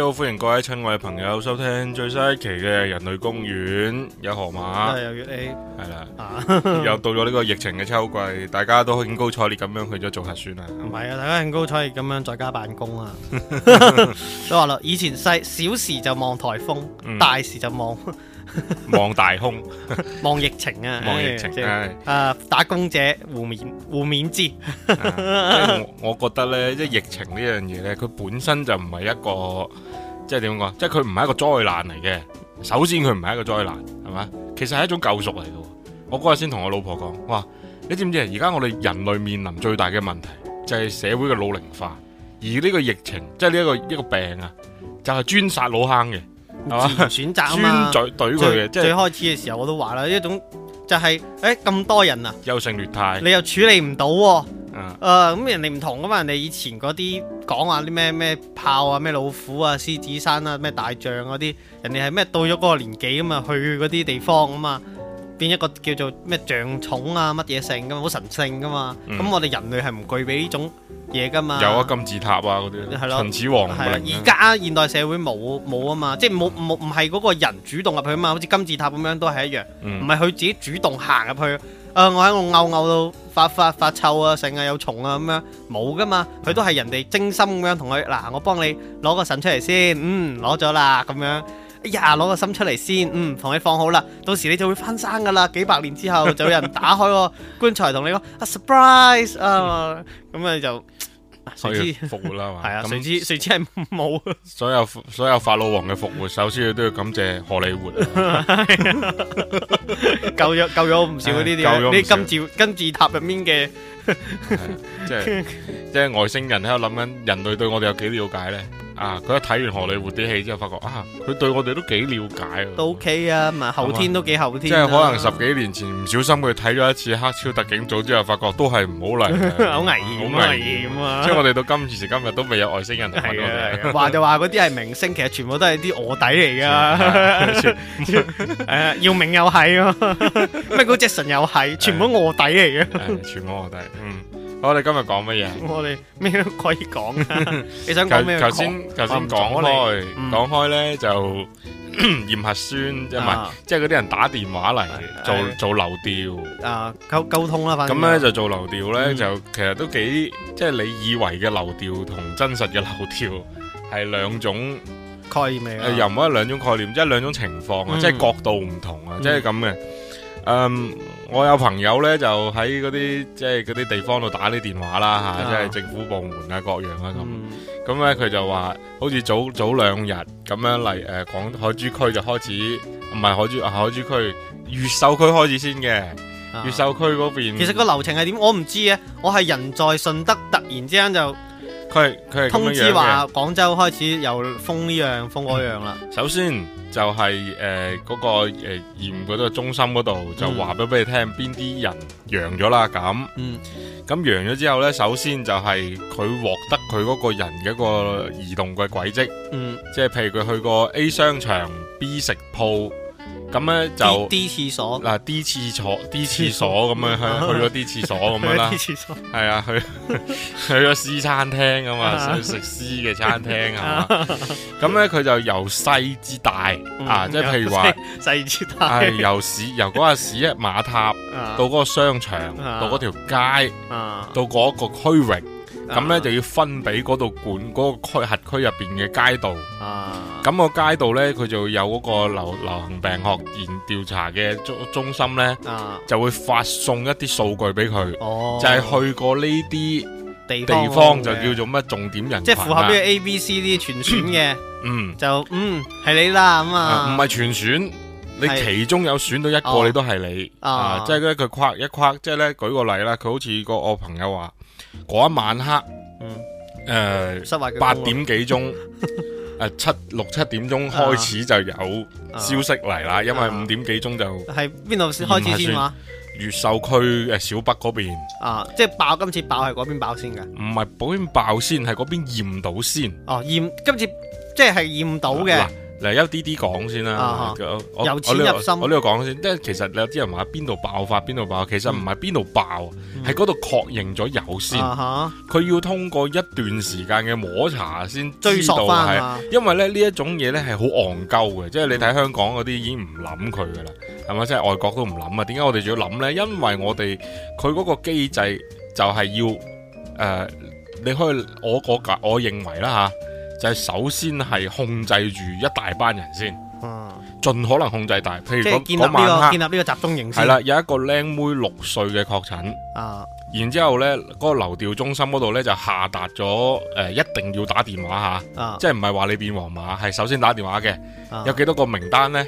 好、hey、歡迎各位親愛嘅朋友收聽最新一期嘅人類公園，有河馬，有越 A，係啦，又到咗呢個疫情嘅秋季，大家都興高采烈咁樣去咗做核酸啦。唔係啊，大家興高采烈咁樣在家辦公啊。 都話啦，以前細小時就望台風，嗯、大時就望。望大空， 望疫情啊， 望疫情，啊，打工者互勉互勉之。即 係、啊就是、我，我覺得呢，即、就、係、是、疫情呢樣嘢呢，佢本身就唔係一個，即係點講，即係佢唔係一個災難嚟嘅。首先佢唔係一個災難，係嘛？其實係一種救贖嚟嘅。我嗰日先同我老婆講，話你知唔知？而家我哋人類面臨最大嘅問題就係社會嘅老齡化，而呢個疫情，即係呢一個一、這個病啊，就係專殺老坑嘅。選擇啊嘛 嘴，對，嘴佢嘅，即係是 最開始嘅時候我都話啦，一種就係誒咁多人啊，優勝劣汰，你又處理唔到喎。咁、嗯呃、人哋唔同噶嘛，人哋以前嗰啲講話啲咩咩炮啊咩老虎啊獅子山啊咩大象嗰啲，人哋係咩到咗嗰個年紀咁嘛，去嗰啲地方啊嘛。變一個叫做咩象蟲啊乜嘢性噶嘛，好神聖噶嘛，咁我哋人類係唔具備呢種嘢噶嘛。有啊，金字塔啊嗰啲，的秦始皇咁，而家現代社會冇冇啊嘛，即係冇冇唔係嗰個人主動入去啊嘛，好似金字塔咁樣都係一樣，唔係佢自己主動行入去。誒、嗯呃，我喺度嘔嘔到發發發臭啊，成日有蟲啊咁樣，冇噶嘛，佢都係人哋精心咁樣同佢，嗱、啊，我幫你攞個神出嚟先，嗯，攞咗啦咁樣。哎呀，攞個心出嚟先，嗯，同你放好啦，到時你就會翻生噶啦，幾百年之後就有人打開個棺材同你講啊 surprise 啊，咁啊就復活啦嘛，啊，誰知，誰知係冇。所有所有法老王嘅復活，首先佢都要感謝荷里活 救，救咗、哎、呀些救咗唔少呢啲呢金字塔入面嘅。即係即係外星人喺度諗緊人類對我哋有幾了解咧？啊，佢一睇完《荷里活啲戲》之後發覺啊，佢對我哋都幾了解。都 OK 啊，咪後天都幾後天。即係可能十幾年前唔小心佢睇咗一次《黑超特警組》之後，發覺都係唔好嚟，好危險，好危險啊！即係我哋到今時今日都未有外星人嚟。係啊，話就話嗰啲係明星，其實全部都係啲卧底嚟噶。要姚明又係，咩？G j a s 又係，全部都卧底嚟嘅！全部卧底。嗯，好，我哋今日講乜嘢啊？我哋咩都可以講啊！你想講咩？頭先頭先講開講開咧就驗核酸，即係唔係？即係嗰啲人打電話嚟做做流調啊，溝溝通啦。咁咧就做流調咧就其實都幾即係你以為嘅流調同真實嘅流調係兩種概念啊？又唔係兩種概念，即係兩種情況啊，即係角度唔同啊，即係咁嘅。誒，um, 我有朋友咧，就喺嗰啲即係啲地方度打啲電話啦，嚇，Yeah. 即係政府部門啊，各樣啊咁。咁咧佢就話，好似早早兩日咁樣嚟誒，廣、呃、海珠區就開始，唔係海珠、啊，海珠區、越秀區開始先嘅。Yeah. 越秀區嗰邊。其實個流程係點，我唔知啊。我係人在順德，突然之間就。佢佢通知話廣州開始又封呢樣封嗰樣啦、嗯。首先就係誒嗰個誒驗嗰個中心嗰度就話咗俾你聽邊啲人陽咗啦咁。嗯，咁陽咗之後呢，首先就係佢獲得佢嗰個人嘅一個移動嘅軌跡。嗯，即係譬如佢去過 A 商場、B 食鋪。咁咧就 D 廁所嗱啲廁所啲廁所，咁樣去咗啲廁所咁啦，係啊去去咗 C 餐廳啊嘛，想食 C 嘅餐廳啊嘛，咁咧佢就由細至大啊，即係譬如話細至大，由市由嗰個市一馬塔到嗰個商場，到嗰條街，到嗰個區域。咁咧就要分俾嗰度管嗰個區核區入邊嘅街道，咁個街道咧佢就有嗰個流流行病學院調查嘅中中心咧，就會發送一啲數據俾佢，就係去過呢啲地方就叫做乜重點人，即係符合咩 A B C D 全選嘅，就嗯係你啦咁啊，唔係全選，你其中有選到一個你都係你，即係咧佢框一框，即係咧舉個例啦，佢好似個我朋友話。嗰一晚黑，誒、嗯，八、呃、點幾鐘，誒、 呃，七六七點鐘開始就有消息嚟啦，啊、因為五點幾鐘就係邊度開始先話？越秀區誒，小北嗰邊啊，即係爆，今次爆係嗰邊爆先嘅？唔係，嗰邊爆先，係嗰邊驗到先。哦、啊，驗今次即係驗到嘅。啊嚟一啲啲講先啦，我呢度講先，即係其實有啲人話邊度爆發邊度爆發，其實唔係邊度爆，喺嗰度確認咗有先，佢、uh huh. 要通過一段時間嘅摸查先追溯翻，因為咧呢一種嘢咧係好戇鳩嘅，即係你睇香港嗰啲已經唔諗佢噶啦，係咪、uh huh.？即係外國都唔諗啊？點解我哋仲要諗咧？因為我哋佢嗰個機制就係要誒、呃，你可以我我我，我，我，我認為啦嚇。就係首先係控制住一大班人先，嗯，盡可能控制大。譬如講嗰晚黑建立呢個集中營，係啦，有一個靚妹六歲嘅確診然之後呢，嗰個流調中心嗰度呢，就下達咗誒，一定要打電話嚇，啊，即係唔係話你變黃馬，係首先打電話嘅。有幾多個名單呢？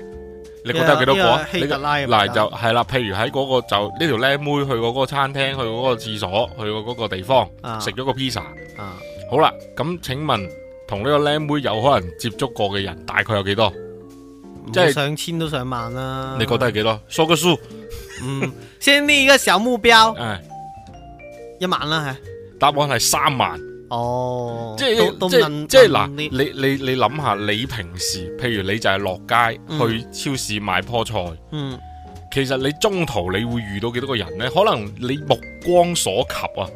你覺得有幾多個？希格拉嗱就係啦，譬如喺嗰個就呢條靚妹去過嗰個餐廳，去嗰個廁所，去過嗰個地方，食咗個披薩啊。好啦，咁請問。同呢個靚妹有可能接觸過嘅人大概有幾多？即係上千都上萬啦，啊。你覺得係幾多？數個數， 嗯，先呢一個小目標，誒，嗯，一萬啦，係。答案係三萬。哦，即係是即係即係嗱，你你你諗下，你平時譬如你就係落街，嗯、去超市買棵菜，嗯，其實你中途你會遇到幾多個人咧？可能你目。光所及啊，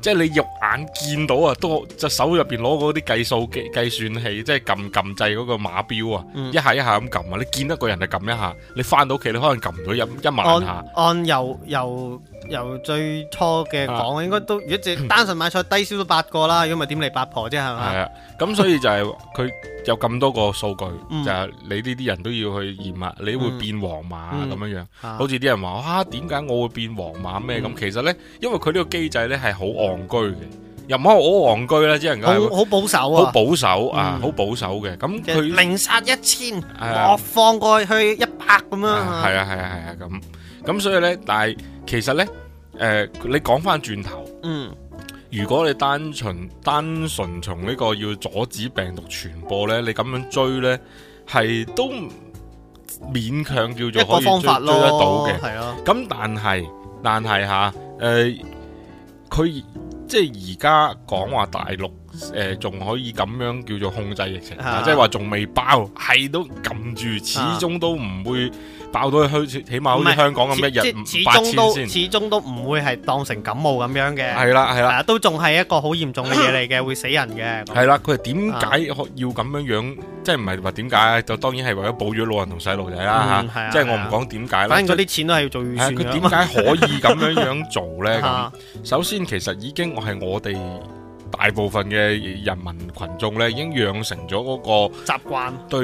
即係你肉眼見到啊，都就手入邊攞嗰啲計數機、計算器，即係撳撳掣嗰個馬表啊，一下一下咁撳啊，你見得個人就撳一下，你翻到屋企你可能撳唔到一一萬下。按由由由最初嘅講，應該都如果只單純買菜低消都八個啦，如果咪點嚟八婆啫係咪？係啊，咁所以就係佢有咁多個數據，就係你呢啲人都要去驗啊，你會變黃碼咁樣樣，好似啲人話啊，點解我會變黃碼咩咁？其實咧。因為佢呢個機制咧，係好戇居嘅，又唔可以好戇居啦，只能夠好保守啊，好、嗯啊、保守啊，好保守嘅。咁佢零殺一千，我、啊、放過去一百咁樣。係啊係啊係啊咁，咁所以咧，但係其實咧，誒、呃，你講返轉頭，嗯，如果你單純單純從呢個要阻止病毒傳播咧，你咁樣追，咧，係都勉強叫做可以一個方法追得到嘅，係咯、啊。咁但係但係吓。誒，佢、呃、即係而家講話大陸。誒，仲可以咁樣叫做控制疫情，即係話仲未爆，係都撳住，始終都唔會爆到去，起碼好似香港咁一日八千先，始終都始終都唔會係當成感冒咁樣嘅。係啦係啦，都仲係一個好嚴重嘅嘢嚟嘅，會死人嘅。係啦，佢係點解要咁樣樣？即係唔係話點解？就當然係為咗保住老人同細路仔啦。即係我唔講點解啦。反正嗰啲錢都係要做預算。佢點解可以咁樣樣做咧？首先，其實已經係我哋。大部分嘅人民羣眾咧，已經養成咗嗰個習慣，對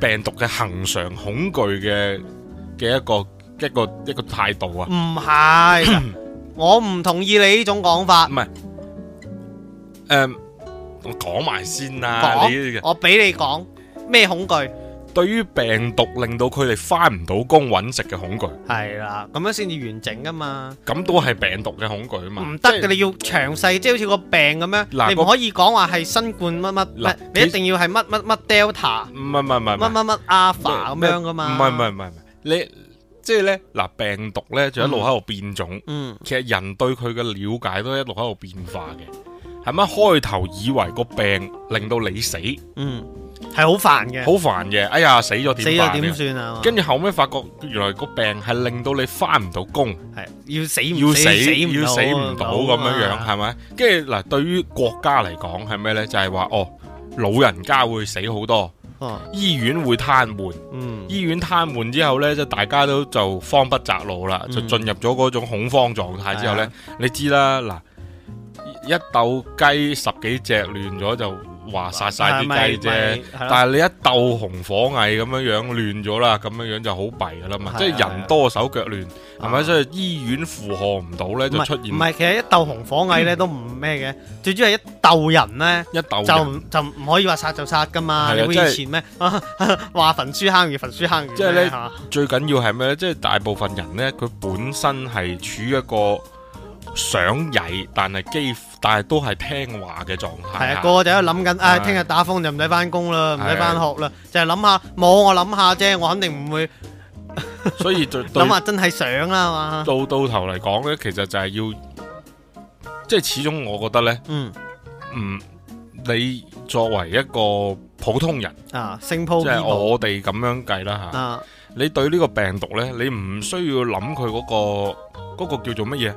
病毒嘅恆常恐懼嘅嘅一個一個一個態度啊！唔係，我唔同意你呢種講法。唔係，誒，我講埋先啦。我俾你講，咩恐懼？對於病毒令到佢哋翻唔到工揾食嘅恐懼，係啦，咁樣先至完整噶嘛。咁都係病毒嘅恐懼啊嘛。唔得嘅，你要詳細，即係好似個病咁咩？你唔可以講話係新冠乜乜，你一定要係乜乜乜 Delta，唔係唔係唔係，乜乜乜 Alpha 咁樣噶嘛。唔係唔係唔係，你即係咧，嗱，病毒咧就一路喺度變種，嗯，其實人對佢嘅了解都一路喺度變化嘅，係咪開頭以為個病令到你死，嗯。係好煩嘅，好煩嘅，哎呀死咗點算啊？跟住後尾發覺原來個病係令到你翻唔到工，係要死唔死唔到咁樣樣，係咪？跟住嗱，對於國家嚟講係咩呢？就係、是、話哦，老人家會死好多，啊、醫院會癱瘓，嗯、醫院癱瘓之後呢，即大家都就慌不擇路啦，就進入咗嗰種恐慌狀態之後呢，嗯嗯、你知啦，嗱，一鬥雞十幾隻亂咗就。話殺曬啲雞啫，但係你一鬥紅火蟻咁樣樣亂咗啦，咁樣樣就好弊噶啦嘛，即係人多手腳亂，係咪所以醫院負荷唔到咧就出現？唔係，其實一鬥紅火蟻咧都唔咩嘅，最主要係一鬥人咧，一鬥就就唔可以話殺就殺噶嘛，你會以前咩話焚書坑儒焚書坑儒？即係咧最緊要係咩咧？即係大部分人咧，佢本身係處於一個想曳，但係幾乎。但係都係聽話嘅狀態，係啊，個個就喺度諗緊，誒，聽日打風就唔使翻工啦，唔使翻學啦，就係諗下，冇我諗下啫，我肯定唔會。所以諗下真係想啦嘛。到到頭嚟講咧，其實就係要，即係始終我覺得咧，嗯，嗯，你作為一個普通人啊，即係我哋咁樣計啦吓，你對呢個病毒咧，你唔需要諗佢嗰個嗰個叫做乜嘢。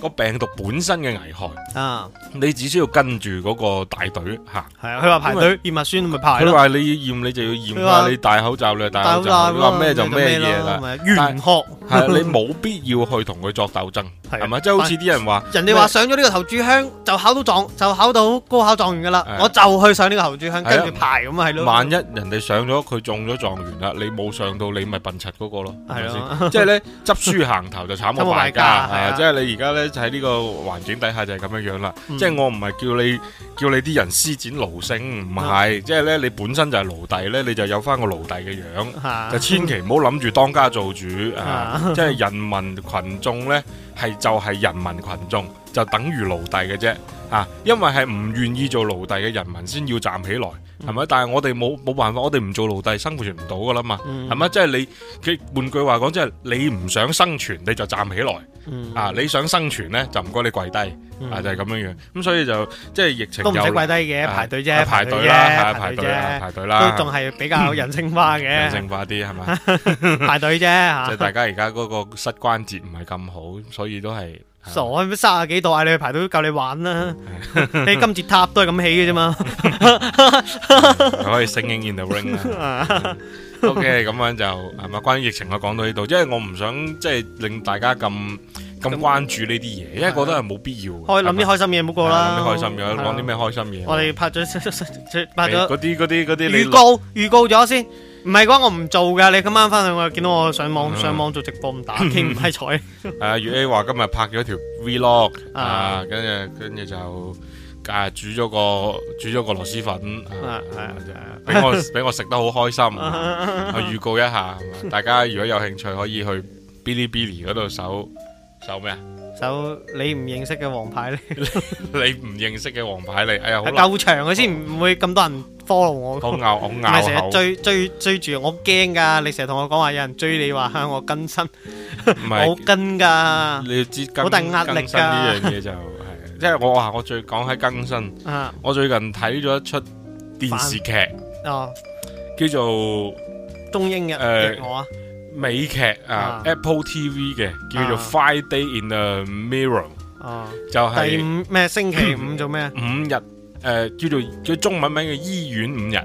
個病毒本身嘅危害啊！你只需要跟住嗰個大隊吓，係啊！佢話排隊驗核酸咪排咯。佢話你要驗，你就要驗。佢話你戴口罩，你戴口罩。佢話咩就咩嘢啦。玄學係你冇必要去同佢作鬥爭，係咪？即係好似啲人話，人哋話上咗呢個頭炷香就考到狀，就考到高考狀元噶啦。我就去上呢個頭炷香，跟住排咁啊，係咯。萬一人哋上咗佢中咗狀元啦，你冇上到你咪笨柒嗰個咯，係咪？即係咧執輸行頭就慘過敗家，係啊！即係你。你而家咧喺呢個環境底下就係咁樣樣啦，嗯、即係我唔係叫你叫你啲人施展奴性，唔係，啊、即係咧你本身就係奴隸咧，你就有翻個奴隸嘅樣，啊、就千祈唔好諗住當家做主啊！啊即係人民群眾咧，係就係、係、人民群眾，就等於奴隸嘅啫啊！因為係唔願意做奴隸嘅人民先要站起來。係咪？但係我哋冇冇辦法，我哋唔做奴隸生存唔到噶啦嘛。係咪？即係你，佢換句話講，即係你唔想生存，你就站起來啊！你想生存咧，就唔該你跪低啊！就係咁樣樣。咁所以就即係疫情都唔使跪低嘅，排隊啫，排隊啦，排隊啦，排隊啦，都仲係比較人性化嘅，人性化啲係咪？排隊啫嚇。即係大家而家嗰個膝關節唔係咁好，所以都係。傻咩？卅幾度嗌你去排隊都夠你玩啦！你金字塔都係咁起嘅啫嘛，可以 sing in the ring OK，咁樣就係咪？關於疫情我講到呢度，因為我唔想即係令大家咁咁關注呢啲嘢，因為覺得係冇必要。可以諗啲開心嘢，唔好過啦。諗啲開心嘢，講啲咩開心嘢？我哋拍咗拍咗嗰啲嗰啲啲預告預告咗先。唔係講我唔做㗎，你今晚翻去我見到我上網上網做直播，唔打傾唔批彩。阿月 A 話今日拍咗條 Vlog 啊，跟住跟住就誒煮咗個煮咗個螺螄粉，係啊，俾我俾我食得好開心。我預告一下，大家如果有興趣可以去 Bilibili 嗰度搜搜咩啊？搜你唔認識嘅王牌嚟，你唔認識嘅王牌你，哎呀好難。夠長佢先唔會咁多人。我咬我咬，唔係成日追追追住，我驚噶。你成日同我講話有人追你，話向我更新，我跟噶。你要知跟好大壓力噶呢樣嘢就係，即係我話我最講喺更新。我最近睇咗一出電視劇哦，叫做東英嘅，我啊美劇啊 Apple TV 嘅，叫做 Five Day in a Mirror 哦，就係五咩星期五做咩，五日。誒、呃，叫做佢中文名叫醫院五日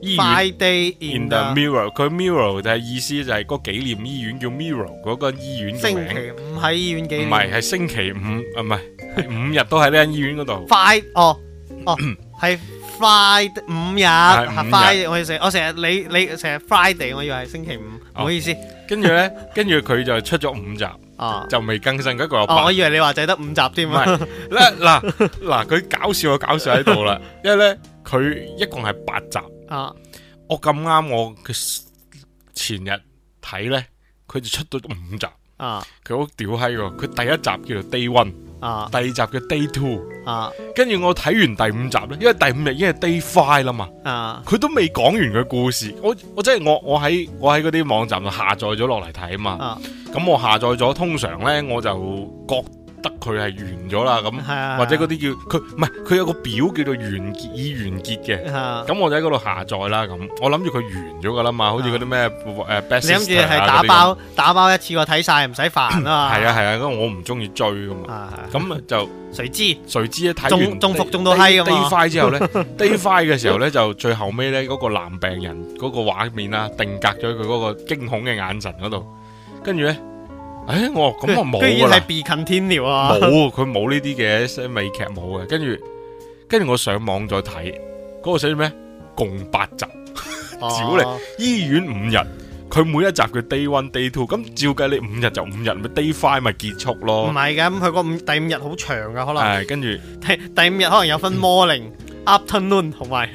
醫院，Friday in the mirror，佢 mirror 嘅意思就係個紀念醫院叫 mirror 嗰個醫院。星期五喺醫院幾？唔係，係星期五啊，唔係是五日都喺呢間醫院嗰度。Five，哦、oh, oh,，哦， 係 Friday 五日，係五日我成我成日你你成日 Friday，我以為係星期五，唔、oh, 好意思。跟住咧， 跟住佢就出咗五集。哦、就未更新嗰個我，哦、我以為你話就係得五集添啊是！咧嗱嗱，佢搞笑就搞笑喺度啦，因為咧佢一共係八集啊我我！我咁啱我佢前日睇咧，佢就出到五集啊！佢好屌閪喎，佢第一集叫做 Day One 啊！第二集嘅 Day Two 啊，跟住我睇完第五集咧，因為第五日已經係 Day Five 啦嘛，啊，佢都未講完嘅故事，我我即係我我喺我喺啲網站度下載咗落嚟睇啊嘛，咁、啊、我下載咗，通常咧我就覺。得佢係完咗啦，咁或者嗰啲叫佢唔係佢有個表叫做完結已完結嘅，咁我就喺嗰度下載啦。咁我諗住佢完咗噶啦嘛，好似嗰啲咩誒你諗住係打包打包一次我睇晒，唔使煩啊嘛？係啊係啊，因為我唔中意追噶嘛。咁就誰知誰知一睇中中伏中到閪咁 day five Day, 之後咧 ，day five 嘅時候咧就最後尾咧嗰個男病人嗰個畫面啦，啊，定格咗佢嗰個驚恐嘅眼神嗰度，跟住咧。誒，我咁我冇既然係 be continue 啊，冇、哦，佢冇呢啲嘅，美劇冇嘅，跟住跟住我上網再睇，嗰、嗰個寫咩？共八集，照嚟、哦哦、醫院五日，佢每一集佢 day one day two，咁照計你五日就五日，咪 day five 咪結束咯，唔係嘅，咁佢五第五日好長噶，可能係，跟住第第五日可能有分 morning。嗯 Afternoon 同埋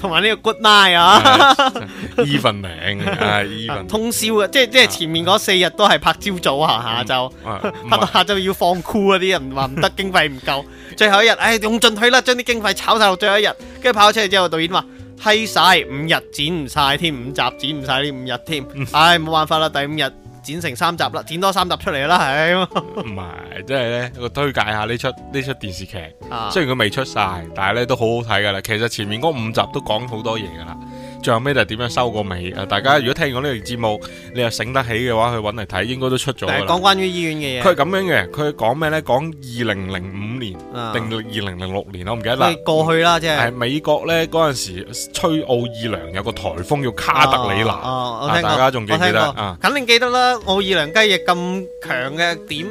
同埋呢 個 good night 啊，evening 啊，evening，通宵啊，即係即係前面嗰四日都係拍朝早啊，下晝、嗯嗯、 拍到下晝要放酷啊，啲人話唔得經費唔夠，最後一日唉、哎、用盡去啦，將啲經費炒晒落最後一日，跟住跑咗出去之後，導演話閪晒，五日剪唔晒添，五集剪唔晒呢五日添，唉、哎、冇辦法啦，第五日。剪成三集啦，剪多三集出嚟啦，係。唔 係，即係呢，我推介下呢出呢出電視劇。啊、雖然佢未出晒，但係呢都好好睇㗎啦。其實前面嗰五集都講好多嘢㗎啦。最後尾就點樣收個尾啊！大家如果聽過呢段節目，你又醒得起嘅話，去搵嚟睇，應該都出咗。但係講關於醫院嘅嘢，佢咁樣嘅，佢講咩咧？講二零零五年定到二零零六年，我唔記得啦。你過去啦，即、就、係、是。美國咧嗰陣時吹奧爾良，有個台風叫卡特里娜，啊啊啊啊、大家仲記唔記得？啊、肯定記得啦！奧爾良雞翼咁強嘅點，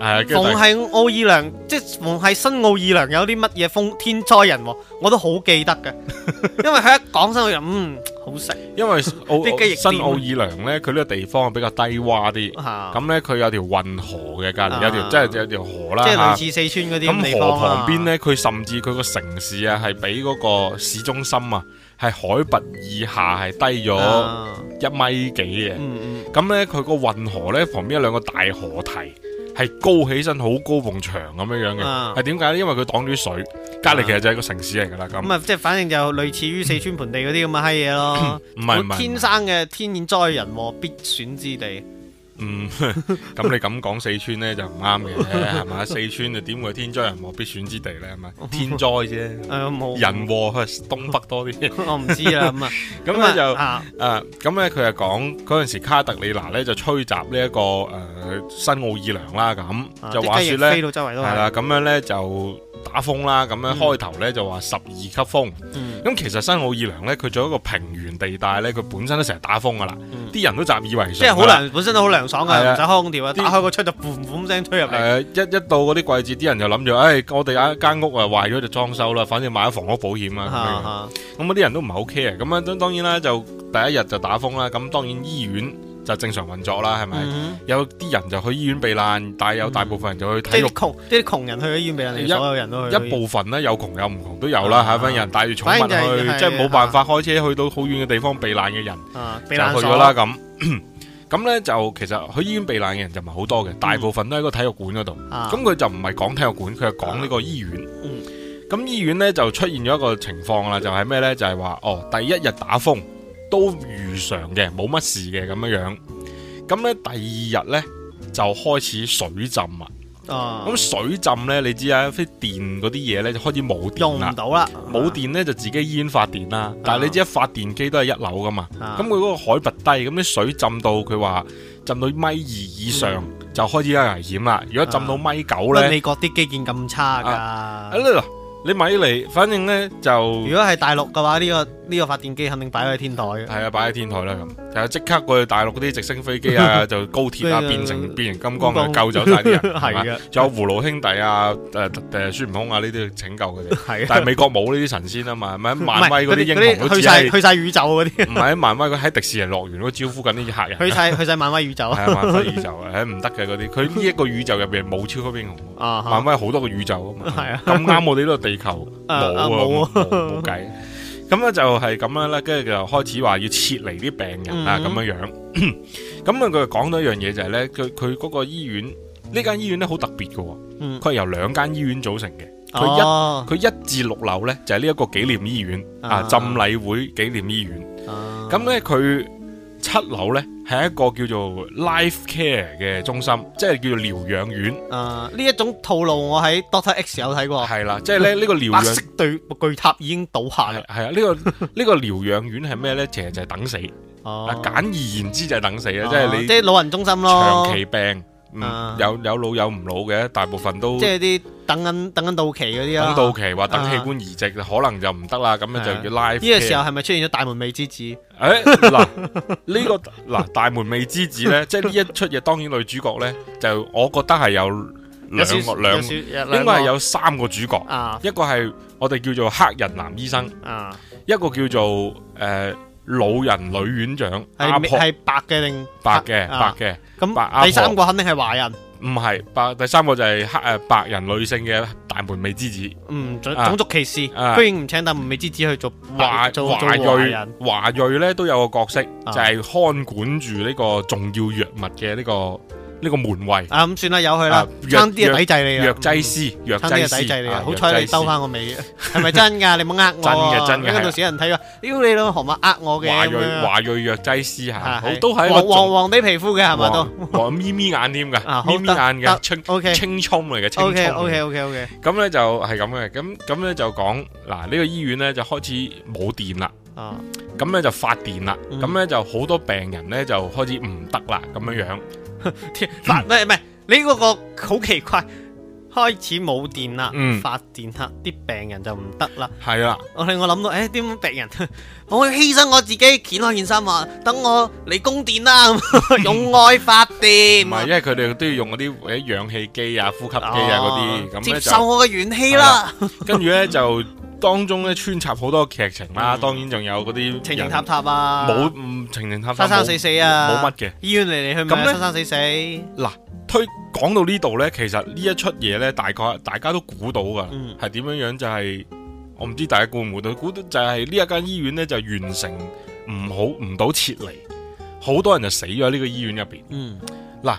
係逢係奧爾良，即係逢係新奧爾良有，有啲乜嘢風天災人，我都好記得嘅， 因為佢一講起身我嗯、好食，因為 新奧爾良呢，佢呢個地方比較低洼啲，咁 呢，佢有條運河嘅隔籬，啊、有條即係有條河啦，啊、即係類似四川啲、啊。咁河旁邊呢，佢甚至佢個城市啊，係比嗰個市中心啊，係海拔以下係低咗一米幾嘅。咁、啊嗯嗯、呢，佢個運河呢，旁邊有兩個大河堤。係高起身，好高埲牆咁樣樣嘅，係點解咧？因為佢擋住水，隔籬其實就係個城市嚟噶啦，咁。咁啊、嗯，即係反正就類似於四川盆地嗰啲咁嘅閪嘢咯，是天生嘅天然災人，必選之地。嗯，咁你咁講四川咧就唔啱嘅，係咪？四川就點會天災人禍必選之地咧？係咪天災啫？人禍，佢係東北多啲。我唔知啦，咁啊，咁咧就誒，咁咧佢就講嗰陣時卡特里娜咧就吹襲呢一個誒新奧爾良啦，咁就話説咧，係啦，咁樣咧就打風啦，咁樣開頭咧就話十二級風。咁其實新奧爾良咧，佢做一個平原地帶咧，佢本身都成日打風噶啦，啲人都習以為常啦。本身都好難。爽啊！唔使開空調啊，打開個窗就噗噗聲吹入嚟。一一到嗰啲季節，啲人就諗住，誒，我哋一間屋啊壞咗就裝修啦，反正買咗房屋保險啊。咁啲人都唔係 OK 啊。咁啊，當然啦，就第一日就打風啦。咁當然醫院就正常運作啦，係咪？有啲人就去醫院避難，但係有大部分人就去體育。啲窮啲窮人去醫院避難，所有人都去。一部分呢，有窮有唔窮都有啦，吓份人帶住寵物去，即係冇辦法開車去到好遠嘅地方避難嘅人，就去咗啦咁。咁咧就其實去醫院避難嘅人就唔係好多嘅，嗯、大部分都喺個體育館嗰度。咁佢、嗯、就唔係講體育館，佢係講呢個醫院。咁、嗯、醫院咧就出現咗一個情況啦，就係咩咧？就係、是、話哦，第一日打風都如常嘅，冇乜事嘅咁樣樣。咁咧第二日咧就開始水浸啊！咁、嗯、水浸咧，你知了了啊，啲電嗰啲嘢咧就開始冇電用唔到啦，冇電咧就自己煙發電啦。啊、但係你知，一發電機都係一樓噶嘛，咁佢嗰個海拔低，咁啲水浸到佢話浸到米二以上，嗯、就開始有危險啦。啊、如果浸到米九咧，美國啲基建咁差㗎，啊。啊啊啊你咪嚟，反正咧就如果係大陸嘅話，呢個呢個發電機肯定擺喺天台嘅。係啊，擺喺天台啦咁。就即刻過去大陸嗰啲直升飛機啊，就高鐵啊，變成變形金剛嚟救走晒啲人，係啊。仲有葫蘆兄弟啊，誒誒，孫悟空啊，呢啲去拯救佢哋。但係美國冇呢啲神仙啊嘛，唔係漫威嗰啲英雄去晒去晒宇宙嗰啲。唔係喺漫威佢喺迪士尼樂園嗰度招呼緊啲客人。去晒去晒漫威宇宙。係漫威宇宙，係唔得嘅嗰啲。佢呢一個宇宙入邊冇超級英雄。漫威好多個宇宙啊嘛。咁啱我哋呢度。地球冇啊，冇計，咁咧就係咁樣咧，跟住就開始話要撤離啲病人啊，咁樣樣，咁啊佢又講到一樣嘢就係咧，佢佢嗰個醫院呢間醫院咧好特別嘅，佢係由兩間醫院組成嘅，佢一佢一至六樓咧就係呢一個紀念醫院啊，浸禮會紀念醫院，咁咧佢。七樓呢係一個叫做 life care 嘅中心，即係叫做療養院。誒、啊，呢一種套路我喺 Doctor X 有睇過。係啦、嗯，嗯、即係咧呢、這個療養院。白色對巨塔已經倒下啦。係啊，呢、這個呢 個療養院係咩呢？其實就係等死。哦、啊。啊、簡而言之就係等死啦，啊、即係你。即係老人中心咯。長期病。嗯，有有老有唔老嘅，大部分都即係啲等緊等緊到期嗰啲啊。到期話等器官移植，可能就唔得啦，咁樣就要拉。呢個時候係咪出現咗大門未知子？誒，嗱，呢個嗱大門未知子咧，即係呢一出嘢，當然女主角咧，就我覺得係有兩個兩，應該係有三個主角，一個係我哋叫做黑人男醫生，一個叫做誒。老人女院長，係係白嘅定白嘅白嘅，咁白第三個肯定係華人。唔係，白第三個就係黑誒白人女性嘅大門未知子。嗯，種族歧視，居然唔請大門未知子去做華做華裔人，華裔咧都有個角色，就係看管住呢個重要藥物嘅呢個。呢個門衛啊，咁算啦，由佢啦，慳啲就抵制你，藥劑師，藥劑師，慳抵制你。好彩你收翻個尾，係咪真噶？你冇呃我，真嘅真嘅。有冇少人睇咗？妖你老韓麥呃我嘅，華裔華裔藥劑師吓，都係黃黃黃啲皮膚嘅係咪都？黃咪咪眼添嘅，咪咪眼嘅青青蔥嚟嘅青蔥。OK OK OK OK，咁咧就係咁嘅，咁咁咧就講嗱，呢個醫院咧就開始冇電啦，咁咧就發電啦，咁咧就好多病人咧就開始唔得啦，咁樣樣。唔係唔係，你嗰個好奇怪。開始冇電啦，發電啦，啲病人就唔得啦。係啦，我令我諗到，誒，啲病人，我要犧牲我自己，掀開件衫啊，等我嚟供電啦，用愛發電。唔係，因為佢哋都要用嗰啲氧氣機啊、呼吸機啊嗰啲，咁咧接受我嘅元氣啦。跟住咧就當中咧穿插好多劇情啦，當然仲有嗰啲情情塔塔啊，冇唔情情塔塔，生生死死啊，冇乜嘅，醫院嚟嚟去去，咁咧生生死死嗱。推講到呢度咧，其實呢一出嘢咧，大概大家都估到噶，係點、嗯、樣樣就係、是、我唔知大家估唔估到，估到就係呢一間醫院咧就完成唔好唔到撤離，好、嗯、多人就死咗呢個醫院入邊。嗯，嗱，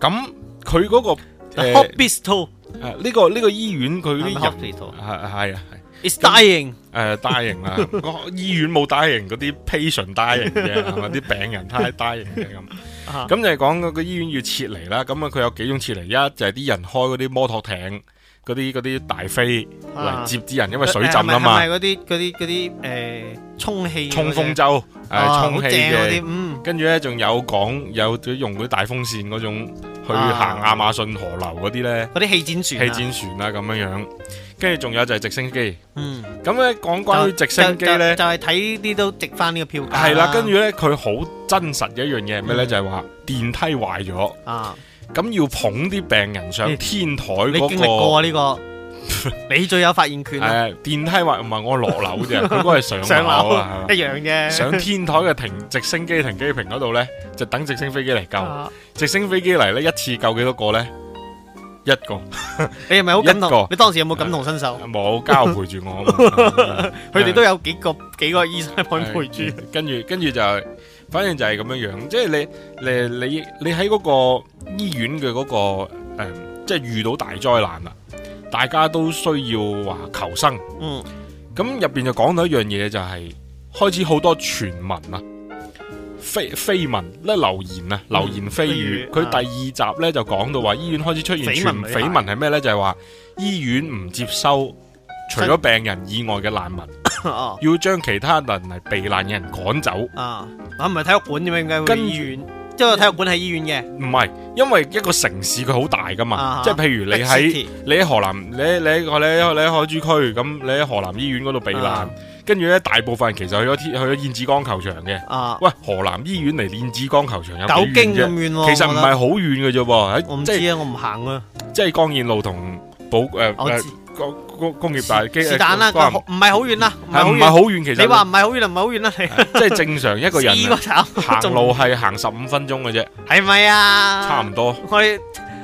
咁佢嗰個呢、呃 hobby 啊呢個呢、呢個醫院佢呢入係係啊，係。It's dying，誒 dying 啊，個醫院冇 dying 嗰啲 patient dying 嘅，啲病人太 dying 嘅咁。 咁、啊、就係講嗰個醫院要撤離啦，咁啊佢有幾種撤離，一就係、是，啲人開嗰啲摩托艇，嗰啲啲大飛嚟接啲人，啊、因為水浸啊嘛。係咪嗰啲嗰啲嗰啲誒充氣？衝鋒舟誒，充氣啲。跟住咧，仲有講有用嗰啲大風扇嗰種去行亞馬遜河流嗰啲咧。嗰啲氣展船、啊。氣展船啦、啊，咁樣樣。跟住仲有就係直升機，嗯，咁咧講關於直升機咧，就係睇呢啲都值翻呢個票價。係啦，跟住咧佢好真實嘅一樣嘢，咩咧就係話電梯壞咗，咁要捧啲病人上天台嗰個。你經歷過呢個？你最有發言權。誒，電梯壞唔係我落樓啫，佢應該係上樓一樣啫。上天台嘅停直升機停機坪嗰度咧，就等直升飛機嚟救。直升飛機嚟咧，一次救幾多個咧？一個，你係咪好？一個，你當時有冇感同身受？冇、啊，交陪住我，佢哋、 啊、 都有幾個幾個醫生可以陪住、啊。跟住跟住就，反正就係咁樣樣，即係你你你你喺嗰個醫院嘅嗰、嗰個誒、嗯，即係遇到大災難啦，大家都需要話求生。嗯，咁入邊就講到一樣嘢、就係，就係開始好多傳聞啦。緋緋聞咧，流言啊，流言蜚語。佢第二集咧就講到話，醫院開始出現緋聞，緋聞係咩咧？就係話醫院唔接收除咗病人以外嘅難民，要將其他人嚟避難嘅人趕走。啊，唔係體育館點解會？醫院即係體育館係醫院嘅。唔係，因為一個城市佢好大噶嘛，即係譬如你喺你喺河南，你你你你喺海珠區咁，你喺河南醫院嗰度避難。跟住咧，大部分人其實去咗去咗燕子江球場嘅。啊，喂，河南醫院嚟燕子江球場有幾遠啫？其實唔係好遠嘅啫喎，我唔知啊，我唔行啊。即係江燕路同保誒工工業大機。是但啦，唔唔係好遠啦，唔係好遠其實。你話唔係好遠唔係好遠啦，係。即係正常一個人行路係行十五分鐘嘅啫。係咪啊？差唔多。我。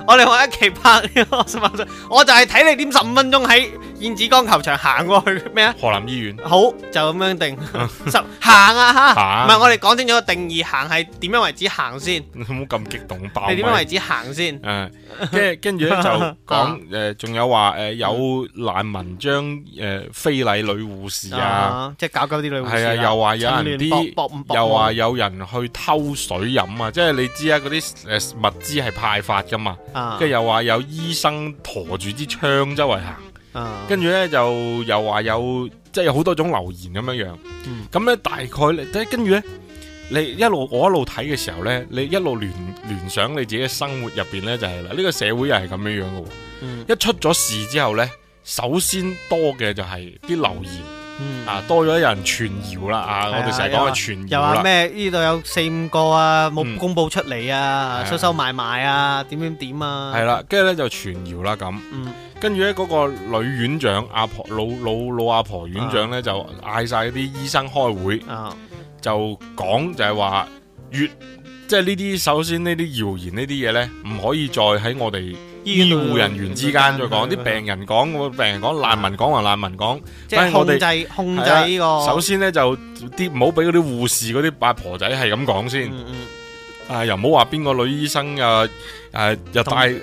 我哋我一期拍，十 我就係睇你點十五分鐘喺燕子江球場行過去咩啊？河南醫院？好，就咁樣定 十行啊吓，唔係、啊、我哋講清楚個定義，行係點樣為止行先？你冇咁激動，爆你點樣為止行先？誒、啊，跟住咧就講誒，仲、呃、有話誒、呃、有爛文章誒，非禮女護士啊，啊即係搞搞啲女護士、啊，係啊，又話有人啲，搏搏啊、又話有人去偷水飲啊，即係你知啊，嗰啲誒物資係派發噶嘛。跟住、uh, 又話有醫生陀住支槍周圍行，uh, 跟住呢就又話有，即、就、係、是、有好多種留言咁樣樣。咁呢、嗯、大概，跟住呢，你一路我一路睇嘅時候呢，你一路聯聯想你自己生活入邊呢，就係、是、啦，呢、這個社會又係咁樣樣嘅。嗯、一出咗事之後呢，首先多嘅就係啲留言。嗯、啊，多咗人傳謠啦！啊，我哋成日講嘅傳謠又話咩？呢度有四五個啊，冇公布出嚟啊，嗯、收收埋埋啊，點點點啊，係啦，呢嗯、跟住咧就傳謠啦咁。跟住咧嗰個女院長阿婆，老老老阿婆院長咧、啊、就嗌晒啲醫生開會，啊、就講就係話越，即係呢啲首先謠呢啲謠言呢啲嘢咧，唔可以再喺我哋。醫護人員之間再講啲病人講，病人講難民講還難民講，即係控制控制呢個。首先呢，就啲唔好俾嗰啲護士嗰啲八婆仔係咁講先，啊又唔好話邊個女醫生啊誒又帶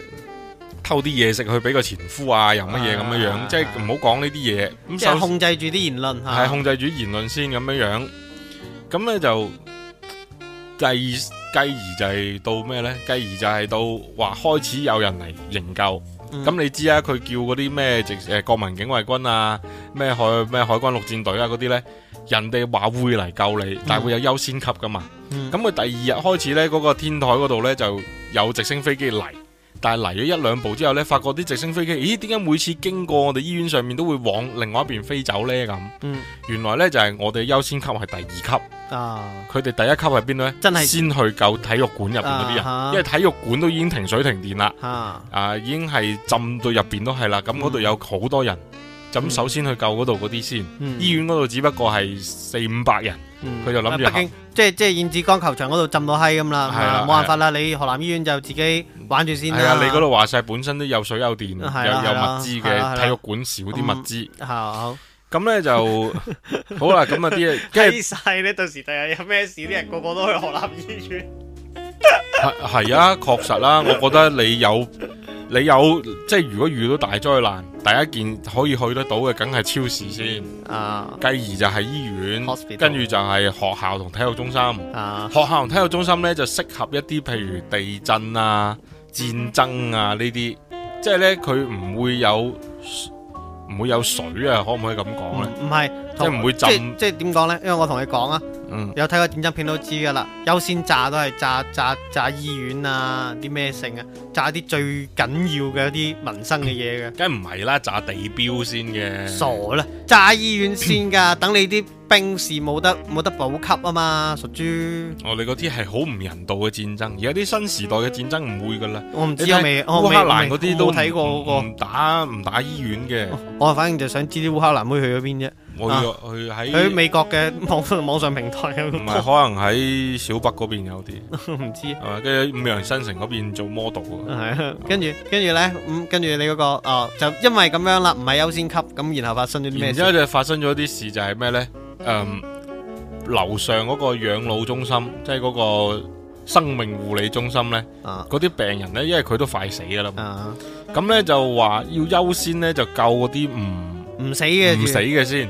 偷啲嘢食去俾個前夫啊又乜嘢咁樣樣，即係唔好講呢啲嘢。即係控制住啲言論係，控制住言論先咁樣樣，咁咧就第二。繼而就係到咩呢？繼而就係到話開始有人嚟營救。咁、嗯、你知啊，佢叫嗰啲咩直誒國民警衛軍啊，咩海咩海軍陸戰隊啊嗰啲呢，人哋話會嚟救你，嗯、但係會有優先級噶嘛。咁佢、嗯、第二日開始呢，嗰、個天台嗰度呢，就有直升飛機嚟，但係嚟咗一兩步之後呢，發覺啲直升飛機，咦？點解每次經過我哋醫院上面都會往另外一邊飛走呢？咁，嗯、原來呢，就係、係、我哋優先級係第二級。啊！佢哋第一級係邊咧？真係先去救體育館入邊嗰啲人，因為體育館都已經停水停電啦，啊，已經係浸到入邊都係啦。咁嗰度有好多人，咁首先去救嗰度嗰啲先。醫院嗰度只不過係四五百人，佢就諗住。北京即係即係燕子江球場嗰度浸到閪咁啦，冇辦法啦。你河南醫院就自己玩住先啦。係啊，你嗰度話晒本身都有水有電有物資嘅體育館少啲物資。咁呢就好啦，咁啊啲，跟住啲曬咧，到時第日有咩事，啲人個個都去河南醫院 。係係啊，確實啦、啊，我覺得你有你有，即係如果遇到大災難，第一件可以去得到嘅，梗係超市先。啊，繼而就係醫院，跟住、啊、就係學校同體育中心。啊，學校同體育中心咧，就適合一啲譬如地震啊、戰爭啊呢啲，即係咧佢唔會有。唔會有水啊？可唔可以咁講咧？唔係，即係唔會浸，即係點講咧？因為我同你講啊，嗯、有睇過短片都知噶啦，優先炸都係炸炸炸醫院啊，啲咩性啊，炸啲最緊要嘅一啲民生嘅嘢嘅。梗係唔係啦，炸地標先嘅。傻啦，炸醫院先㗎，等你啲兵士冇得冇得補給啊嘛，屬豬。哦，你嗰啲係好唔人道嘅戰爭，而家啲新時代嘅戰爭唔會噶啦。我唔知未……烏克蘭嗰啲都睇過嗰個。唔打唔打醫院嘅。我啊，反正就想知烏克蘭妹去咗邊啫。我去去喺。喺美國嘅網網上平台。唔係，可能喺小北嗰邊有啲。唔知。啊，跟住五羊新城嗰邊做 model 啊。係啊，跟住跟住咧，跟住你嗰個，哦，就因為咁樣啦，唔係優先級，咁然後發生咗啲咩事？然之後就發生咗啲事，就係咩咧？誒，樓上嗰個養老中心，即係嗰個生命護理中心呢，嗰啲病人呢，因為佢都快死㗎啦，咁呢，就話要優先呢，就救嗰啲唔唔死嘅，唔死嘅先，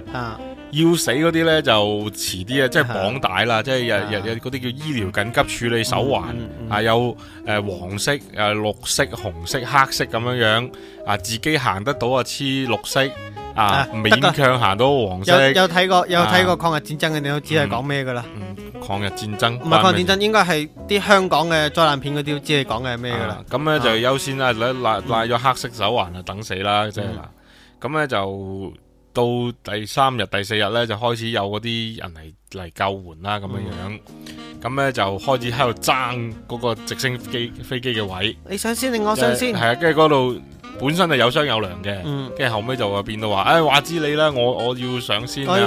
要死嗰啲呢，就遲啲啊，即係綁帶啦，即係日嗰啲叫醫療緊急處理手環，啊有誒黃色、誒綠色、紅色、黑色咁樣樣，啊自己行得到啊黐綠色。啊，勉強行到黃色。有有睇過有睇過抗日戰爭嘅，你都知係講咩噶啦？抗日戰爭，唔係抗日戰爭，應該係啲香港嘅災難片嗰啲，都知係講嘅係咩噶啦？咁咧就優先啦，拉拉咗黑色手環啊，等死啦，即係啦。咁咧就到第三日第四日咧，就開始有嗰啲人嚟嚟救援啦，咁樣樣。咁咧就開始喺度爭嗰個直升機飛機嘅位。你上先定我上先？係啊，跟住嗰度。本身係有商有量嘅，跟住後尾就變到話，哎話知你啦，我我要上先啊，